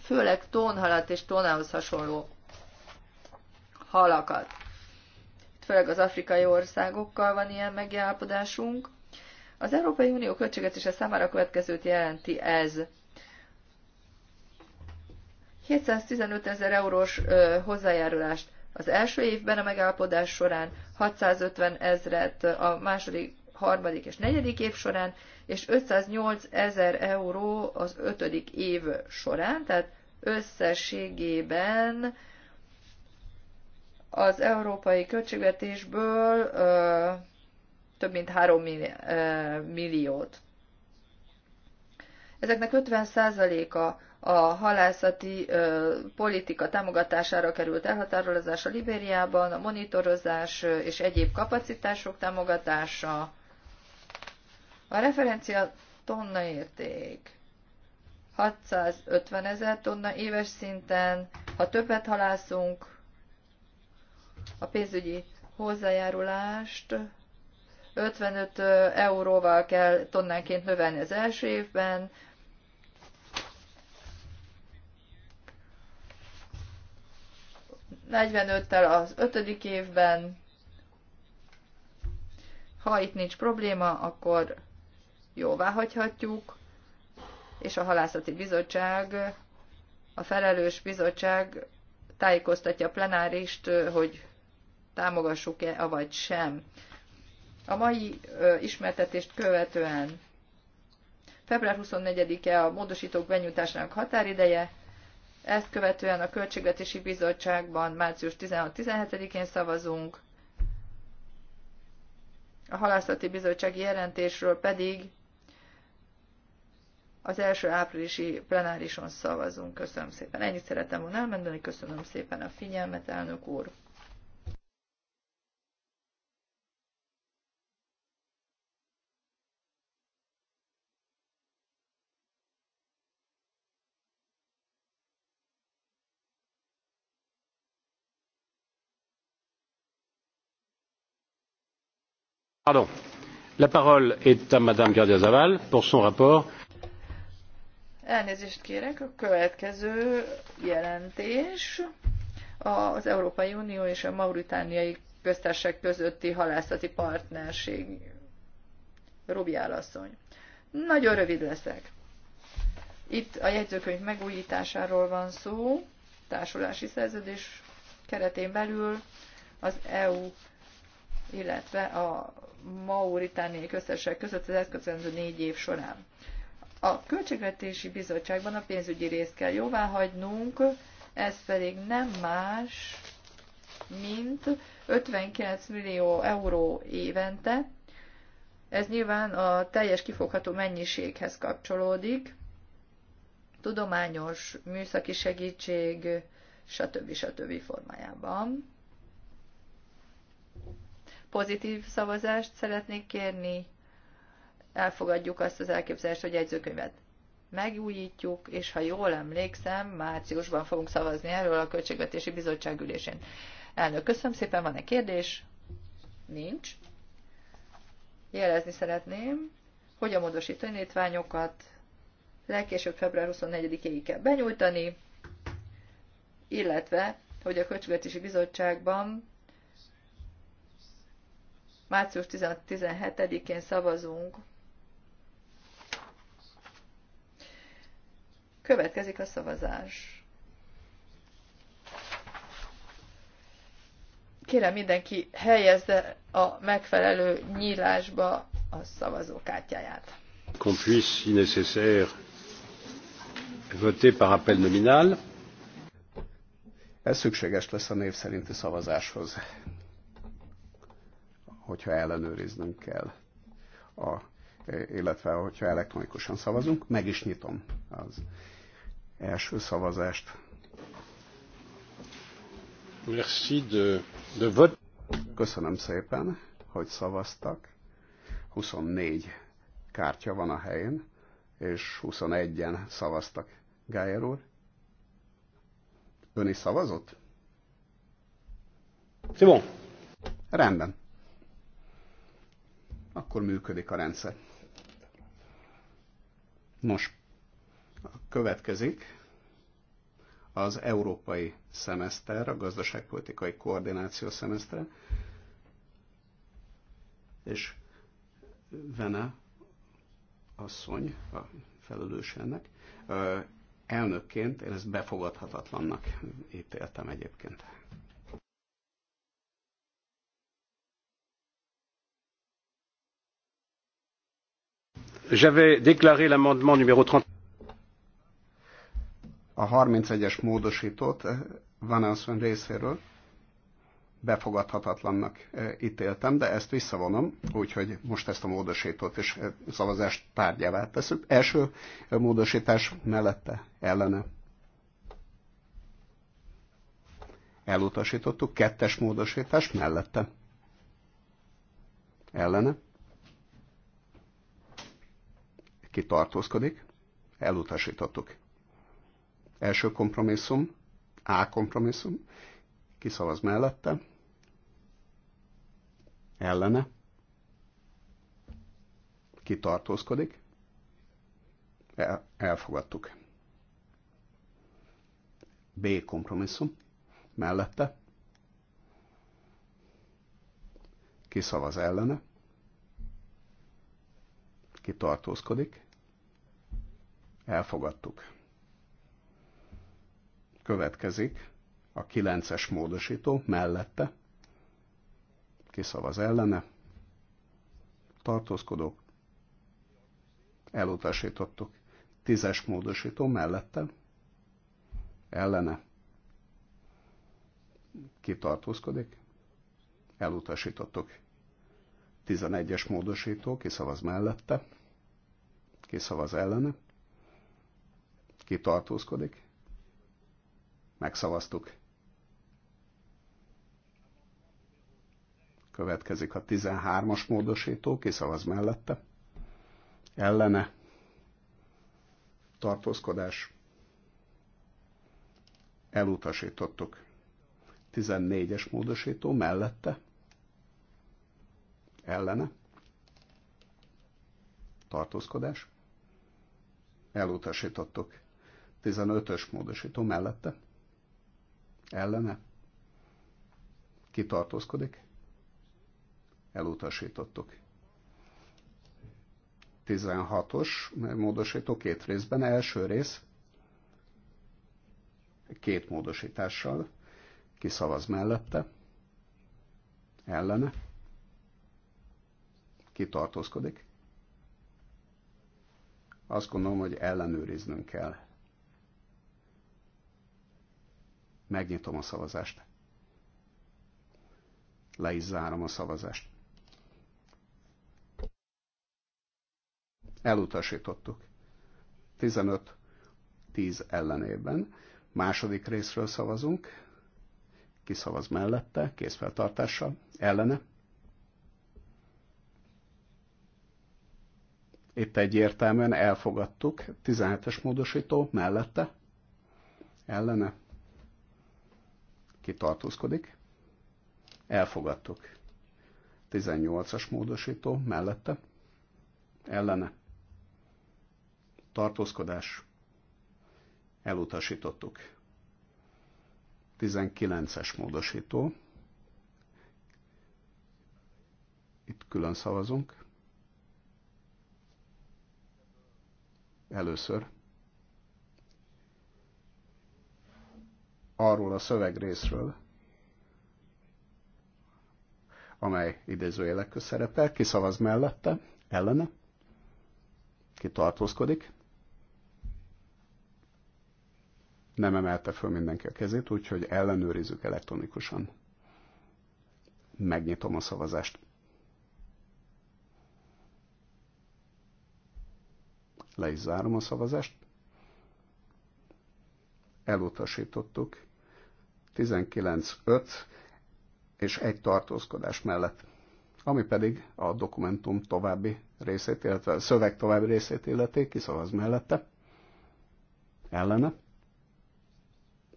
Főleg tónhalat és tónához hasonló halakat. Itt főleg az afrikai országokkal van ilyen megállapodásunk. Az Európai Unió költségvetése számára következőt jelenti ez. 715 ezer eurós hozzájárulást az első évben a megállapodás során, 650 ezret a második, harmadik és negyedik év során, és 508 ezer euró az ötödik év során, tehát összességében az európai költségvetésből ö, több mint 3 milliót. Ezeknek 50%-a a halászati politika támogatására került elhatárolozás a Libériában, a monitorozás és egyéb kapacitások támogatása, a referencia tonna érték 650 ezer tonna éves szinten, ha többet halászunk, a pénzügyi hozzájárulást 55 euróval kell tonnánként növelni az első évben, 45-tel az ötödik évben. Ha itt nincs probléma, akkor jóvá hagyhatjuk, és a halászati bizottság, a felelős bizottság tájékoztatja a plenárist, hogy támogassuk-e, vagy sem. A mai ismertetést követően február 24-e a módosítók benyújtásának határideje, ezt követően a Költségvetési Bizottságban március 16-17-én szavazunk, a Halászati Bizottsági jelentésről pedig az első áprilisi plenárison szavazunk. Köszönöm szépen. Ennyit szerettem volna elmondani. Köszönöm szépen a figyelmet, elnök úr. Pardon. La parole est à Elnézést kérek, a következő jelentés az Európai Unió és a Mauritániai köztársaság közötti halászati partnerség. Rubiál asszony. Nagyon rövid leszek. Itt a jegyzőkönyv megújításáról van szó, társulási szerződés keretén belül az EU illetve a mauritániai köztársaság között az elkövetkező négy év során. A Költségvetési Bizottságban a pénzügyi részt kell jóvá hagynunk, ez pedig nem más, mint 59 millió euró évente. Ez nyilván a teljes kifogható mennyiséghez kapcsolódik, tudományos, műszaki segítség, stb. stb. formájában pozitív szavazást szeretnék kérni, elfogadjuk azt az elképzelést, hogy jegyzőkönyvet megújítjuk, és ha jól emlékszem, márciusban fogunk szavazni erről a Költségvetési Bizottság ülésén. Elnök, köszönöm szépen, van-e kérdés? Nincs. Jelezni szeretném, hogy a módosító indítványokat legkésőbb február 24-ig kell benyújtani, illetve, hogy a Költségvetési Bizottságban március 17-én szavazunk. Következik a szavazás. Kérem mindenki helyezze a megfelelő nyílásba a szavazókártyáját. Qu'on puisse, si nécessaire, voter par appel nominal. Ez szükséges lesz a név szerinti szavazáshoz hogyha ellenőriznünk kell, a, illetve hogyha elektronikusan szavazunk, meg is nyitom az első szavazást. Merci de, de vote. Köszönöm szépen, hogy szavaztak. 24 kártya van a helyén, és 21-en szavaztak. Gájer úr, ön is szavazott? C'est bon. Rendben akkor működik a rendszer. Nos, következik az európai szemeszter, a gazdaságpolitikai koordináció szemeszter, és Vene asszony, a felelős ennek, elnökként én ezt befogadhatatlannak ítéltem egyébként. J'avais déclaré l'amendement numéro 30. A 31-es módosítót eh, Van Elszön részéről befogadhatatlannak eh, ítéltem, de ezt visszavonom, úgyhogy most ezt a módosítót és eh, szavazást tárgyává teszünk. Első módosítás mellette ellene. Elutasítottuk, kettes módosítás mellette. Ellene ki tartózkodik, elutasítottuk. Első kompromisszum, A kompromisszum, kiszavaz mellette, ellene, ki tartózkodik, el, elfogadtuk. B kompromisszum, mellette, kiszavaz ellene, kitartózkodik, Elfogadtuk. Következik a kilences módosító mellette. Kiszavaz ellene. Tartózkodók. Elutasítottuk. Tízes módosító mellette. Ellene. Kitartózkodik. Elutasítottuk. 11-es módosító kiszavaz mellette. Kiszavaz ellene ki tartózkodik? Megszavaztuk. Következik a 13-as módosító, szavaz mellette. Ellene. Tartózkodás. Elutasítottuk. 14-es módosító mellette. Ellene. Tartózkodás. Elutasítottuk. 15-ös módosító mellette. Ellene. Kitartózkodik. Elutasítottuk. 16-os módosító két részben. Első rész két módosítással kiszavaz mellette, ellene, kitartózkodik. Azt gondolom, hogy ellenőriznünk kell Megnyitom a szavazást. Le is zárom a szavazást. Elutasítottuk. 15-10 ellenében. Második részről szavazunk. Ki szavaz mellette, készfeltartással, ellene. Itt egyértelműen elfogadtuk. 17-es módosító mellette, ellene ki tartózkodik, elfogadtuk. 18-as módosító mellette, ellene, tartózkodás, elutasítottuk. 19-es módosító, itt külön szavazunk, először arról a szövegrészről, amely idézőjelek szerepel, kiszavaz mellette, ellene, ki tartózkodik. Nem emelte föl mindenki a kezét, úgyhogy ellenőrizzük elektronikusan. Megnyitom a szavazást. Le is zárom a szavazást elutasítottuk 195 és egy tartózkodás mellett. Ami pedig a dokumentum további részét, illetve a szöveg további részét illeti, kiszavaz mellette, ellene,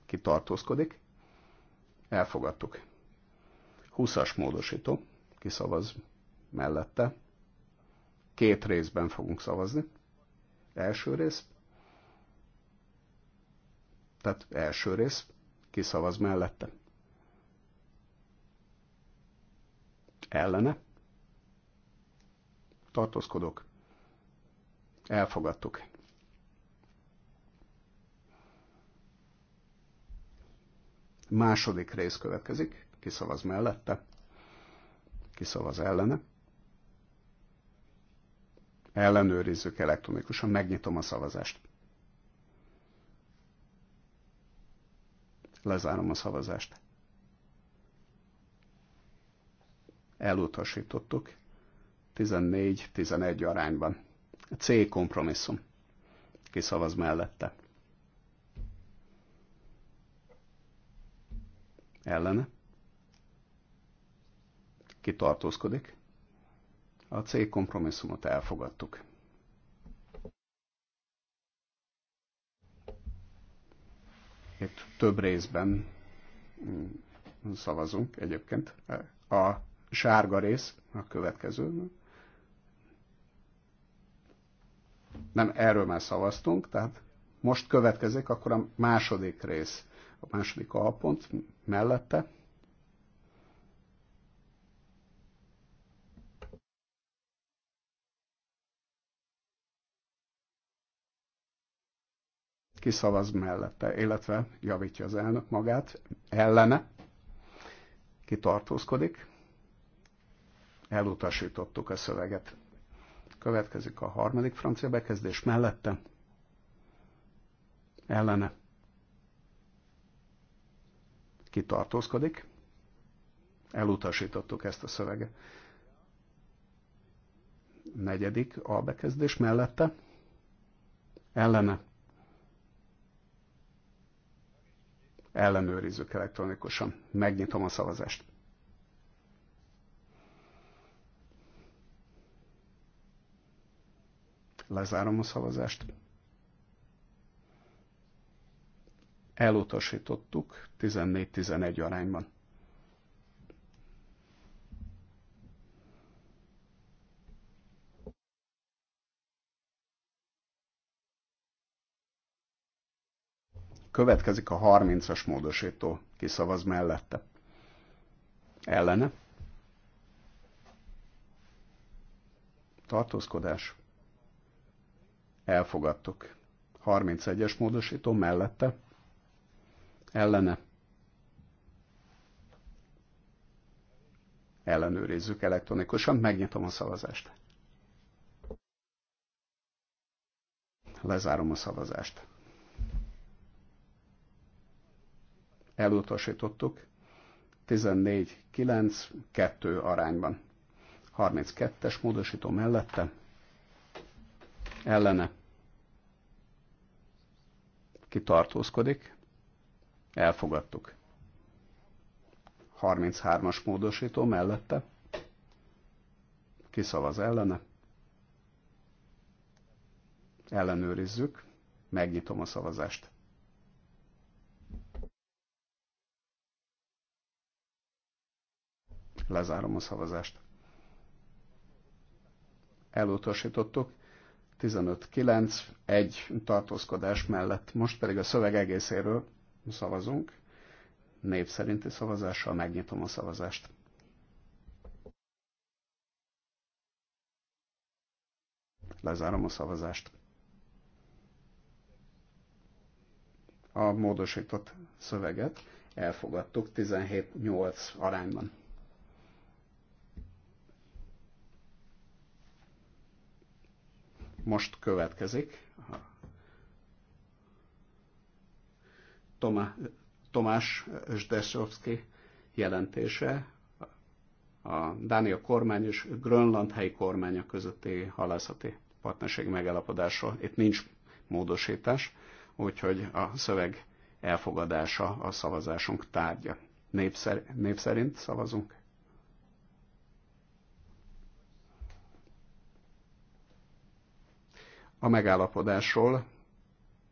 ki tartózkodik, elfogadtuk. 20-as módosító, kiszavaz mellette, két részben fogunk szavazni. Első rész tehát első rész, szavaz mellette. Ellene. Tartózkodok. Elfogadtuk. Második rész következik, szavaz mellette, szavaz ellene. Ellenőrizzük elektronikusan, megnyitom a szavazást. Lezárom a szavazást. Elutasítottuk. 14-11 arányban. C kompromisszum. Ki szavaz mellette? Ellene? Ki tartózkodik? A C kompromisszumot elfogadtuk. Itt több részben mm, szavazunk egyébként. A sárga rész a következő. Nem, erről már szavaztunk, tehát most következik akkor a második rész, a második alpont mellette kiszavaz mellette, illetve javítja az elnök magát, ellene, kitartózkodik, elutasítottuk a szöveget. Következik a harmadik francia bekezdés mellette, ellene, kitartózkodik, elutasítottuk ezt a szöveget. Negyedik a bekezdés mellette, ellene ellenőrizzük elektronikusan. Megnyitom a szavazást. Lezárom a szavazást. Elutasítottuk 14-11 arányban. Következik a 30-as módosító. Kiszavaz mellette. Ellene. Tartózkodás. Elfogadtuk. 31-es módosító mellette. Ellene. Ellenőrizzük elektronikusan, megnyitom a szavazást. Lezárom a szavazást. elutasítottuk 14-9-2 arányban. 32-es módosító mellette, ellene kitartózkodik, elfogadtuk. 33-as módosító mellette, kiszavaz ellene, ellenőrizzük, megnyitom a szavazást. Lezárom a szavazást. Elutasítottuk. 15-9, egy tartózkodás mellett. Most pedig a szöveg egészéről szavazunk. Név szerinti szavazással megnyitom a szavazást. Lezárom a szavazást. A módosított szöveget elfogadtuk 17-8 arányban. Most következik Tomá, Tomás Zdeszowski jelentése, a Dánia kormány és Grönland helyi kormánya közötti halászati partnerség megállapodásról. Itt nincs módosítás, úgyhogy a szöveg elfogadása a szavazásunk tárgya. Népszer, népszerint szavazunk. a megállapodásról,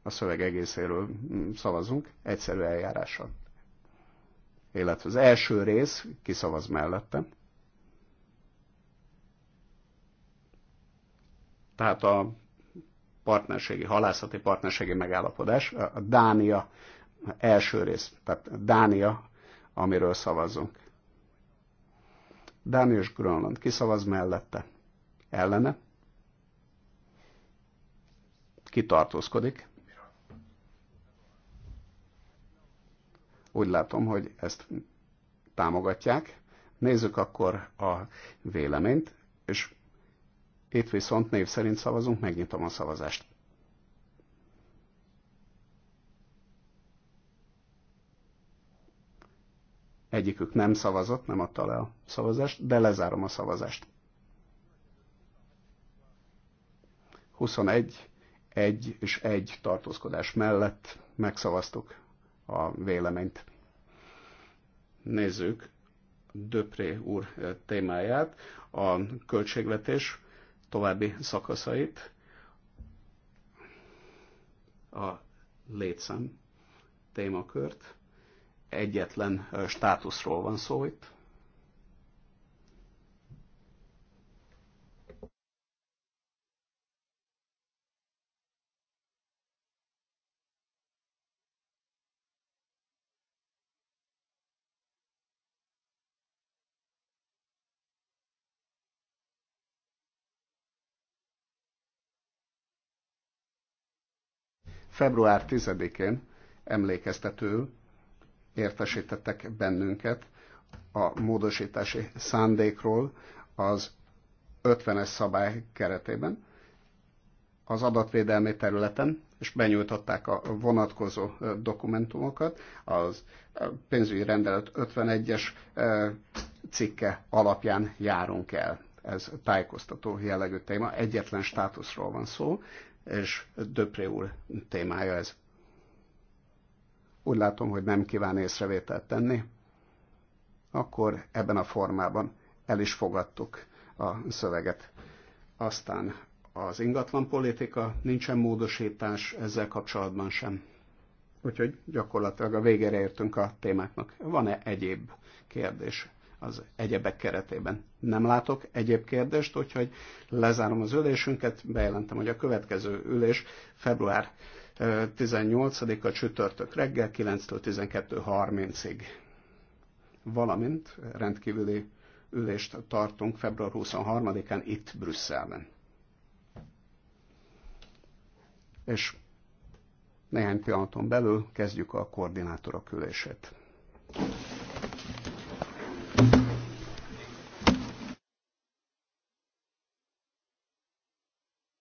a szöveg egészéről mm, szavazunk, egyszerű eljárással. Illetve az első rész kiszavaz mellette. Tehát a partnerségi, halászati partnerségi megállapodás, a Dánia első rész, tehát Dánia, amiről szavazunk. Dánia és Grönland kiszavaz mellette. Ellene? Ki Úgy látom, hogy ezt támogatják. Nézzük akkor a véleményt, és itt viszont név szerint szavazunk, megnyitom a szavazást. Egyikük nem szavazott, nem adta le a szavazást, de lezárom a szavazást. 21 egy és egy tartózkodás mellett megszavaztuk a véleményt. Nézzük Döpré úr témáját, a költségvetés további szakaszait, a létszám témakört. Egyetlen státuszról van szó itt. Február 10-én emlékeztető értesítettek bennünket a módosítási szándékról az 50-es szabály keretében az adatvédelmi területen, és benyújtották a vonatkozó dokumentumokat. Az pénzügyi rendelet 51-es cikke alapján járunk el. Ez tájékoztató jellegű téma, egyetlen státuszról van szó, és Döpré úr témája ez. Úgy látom, hogy nem kíván észrevételt tenni, akkor ebben a formában el is fogadtuk a szöveget. Aztán az ingatlan politika, nincsen módosítás ezzel kapcsolatban sem. Úgyhogy gyakorlatilag a végére értünk a témáknak. Van-e egyéb kérdés? az egyebek keretében. Nem látok egyéb kérdést, úgyhogy lezárom az ülésünket, bejelentem, hogy a következő ülés február 18-a csütörtök reggel 9-től 12.30-ig. Valamint rendkívüli ülést tartunk február 23-án itt Brüsszelben. És néhány pillanaton belül kezdjük a koordinátorok ülését.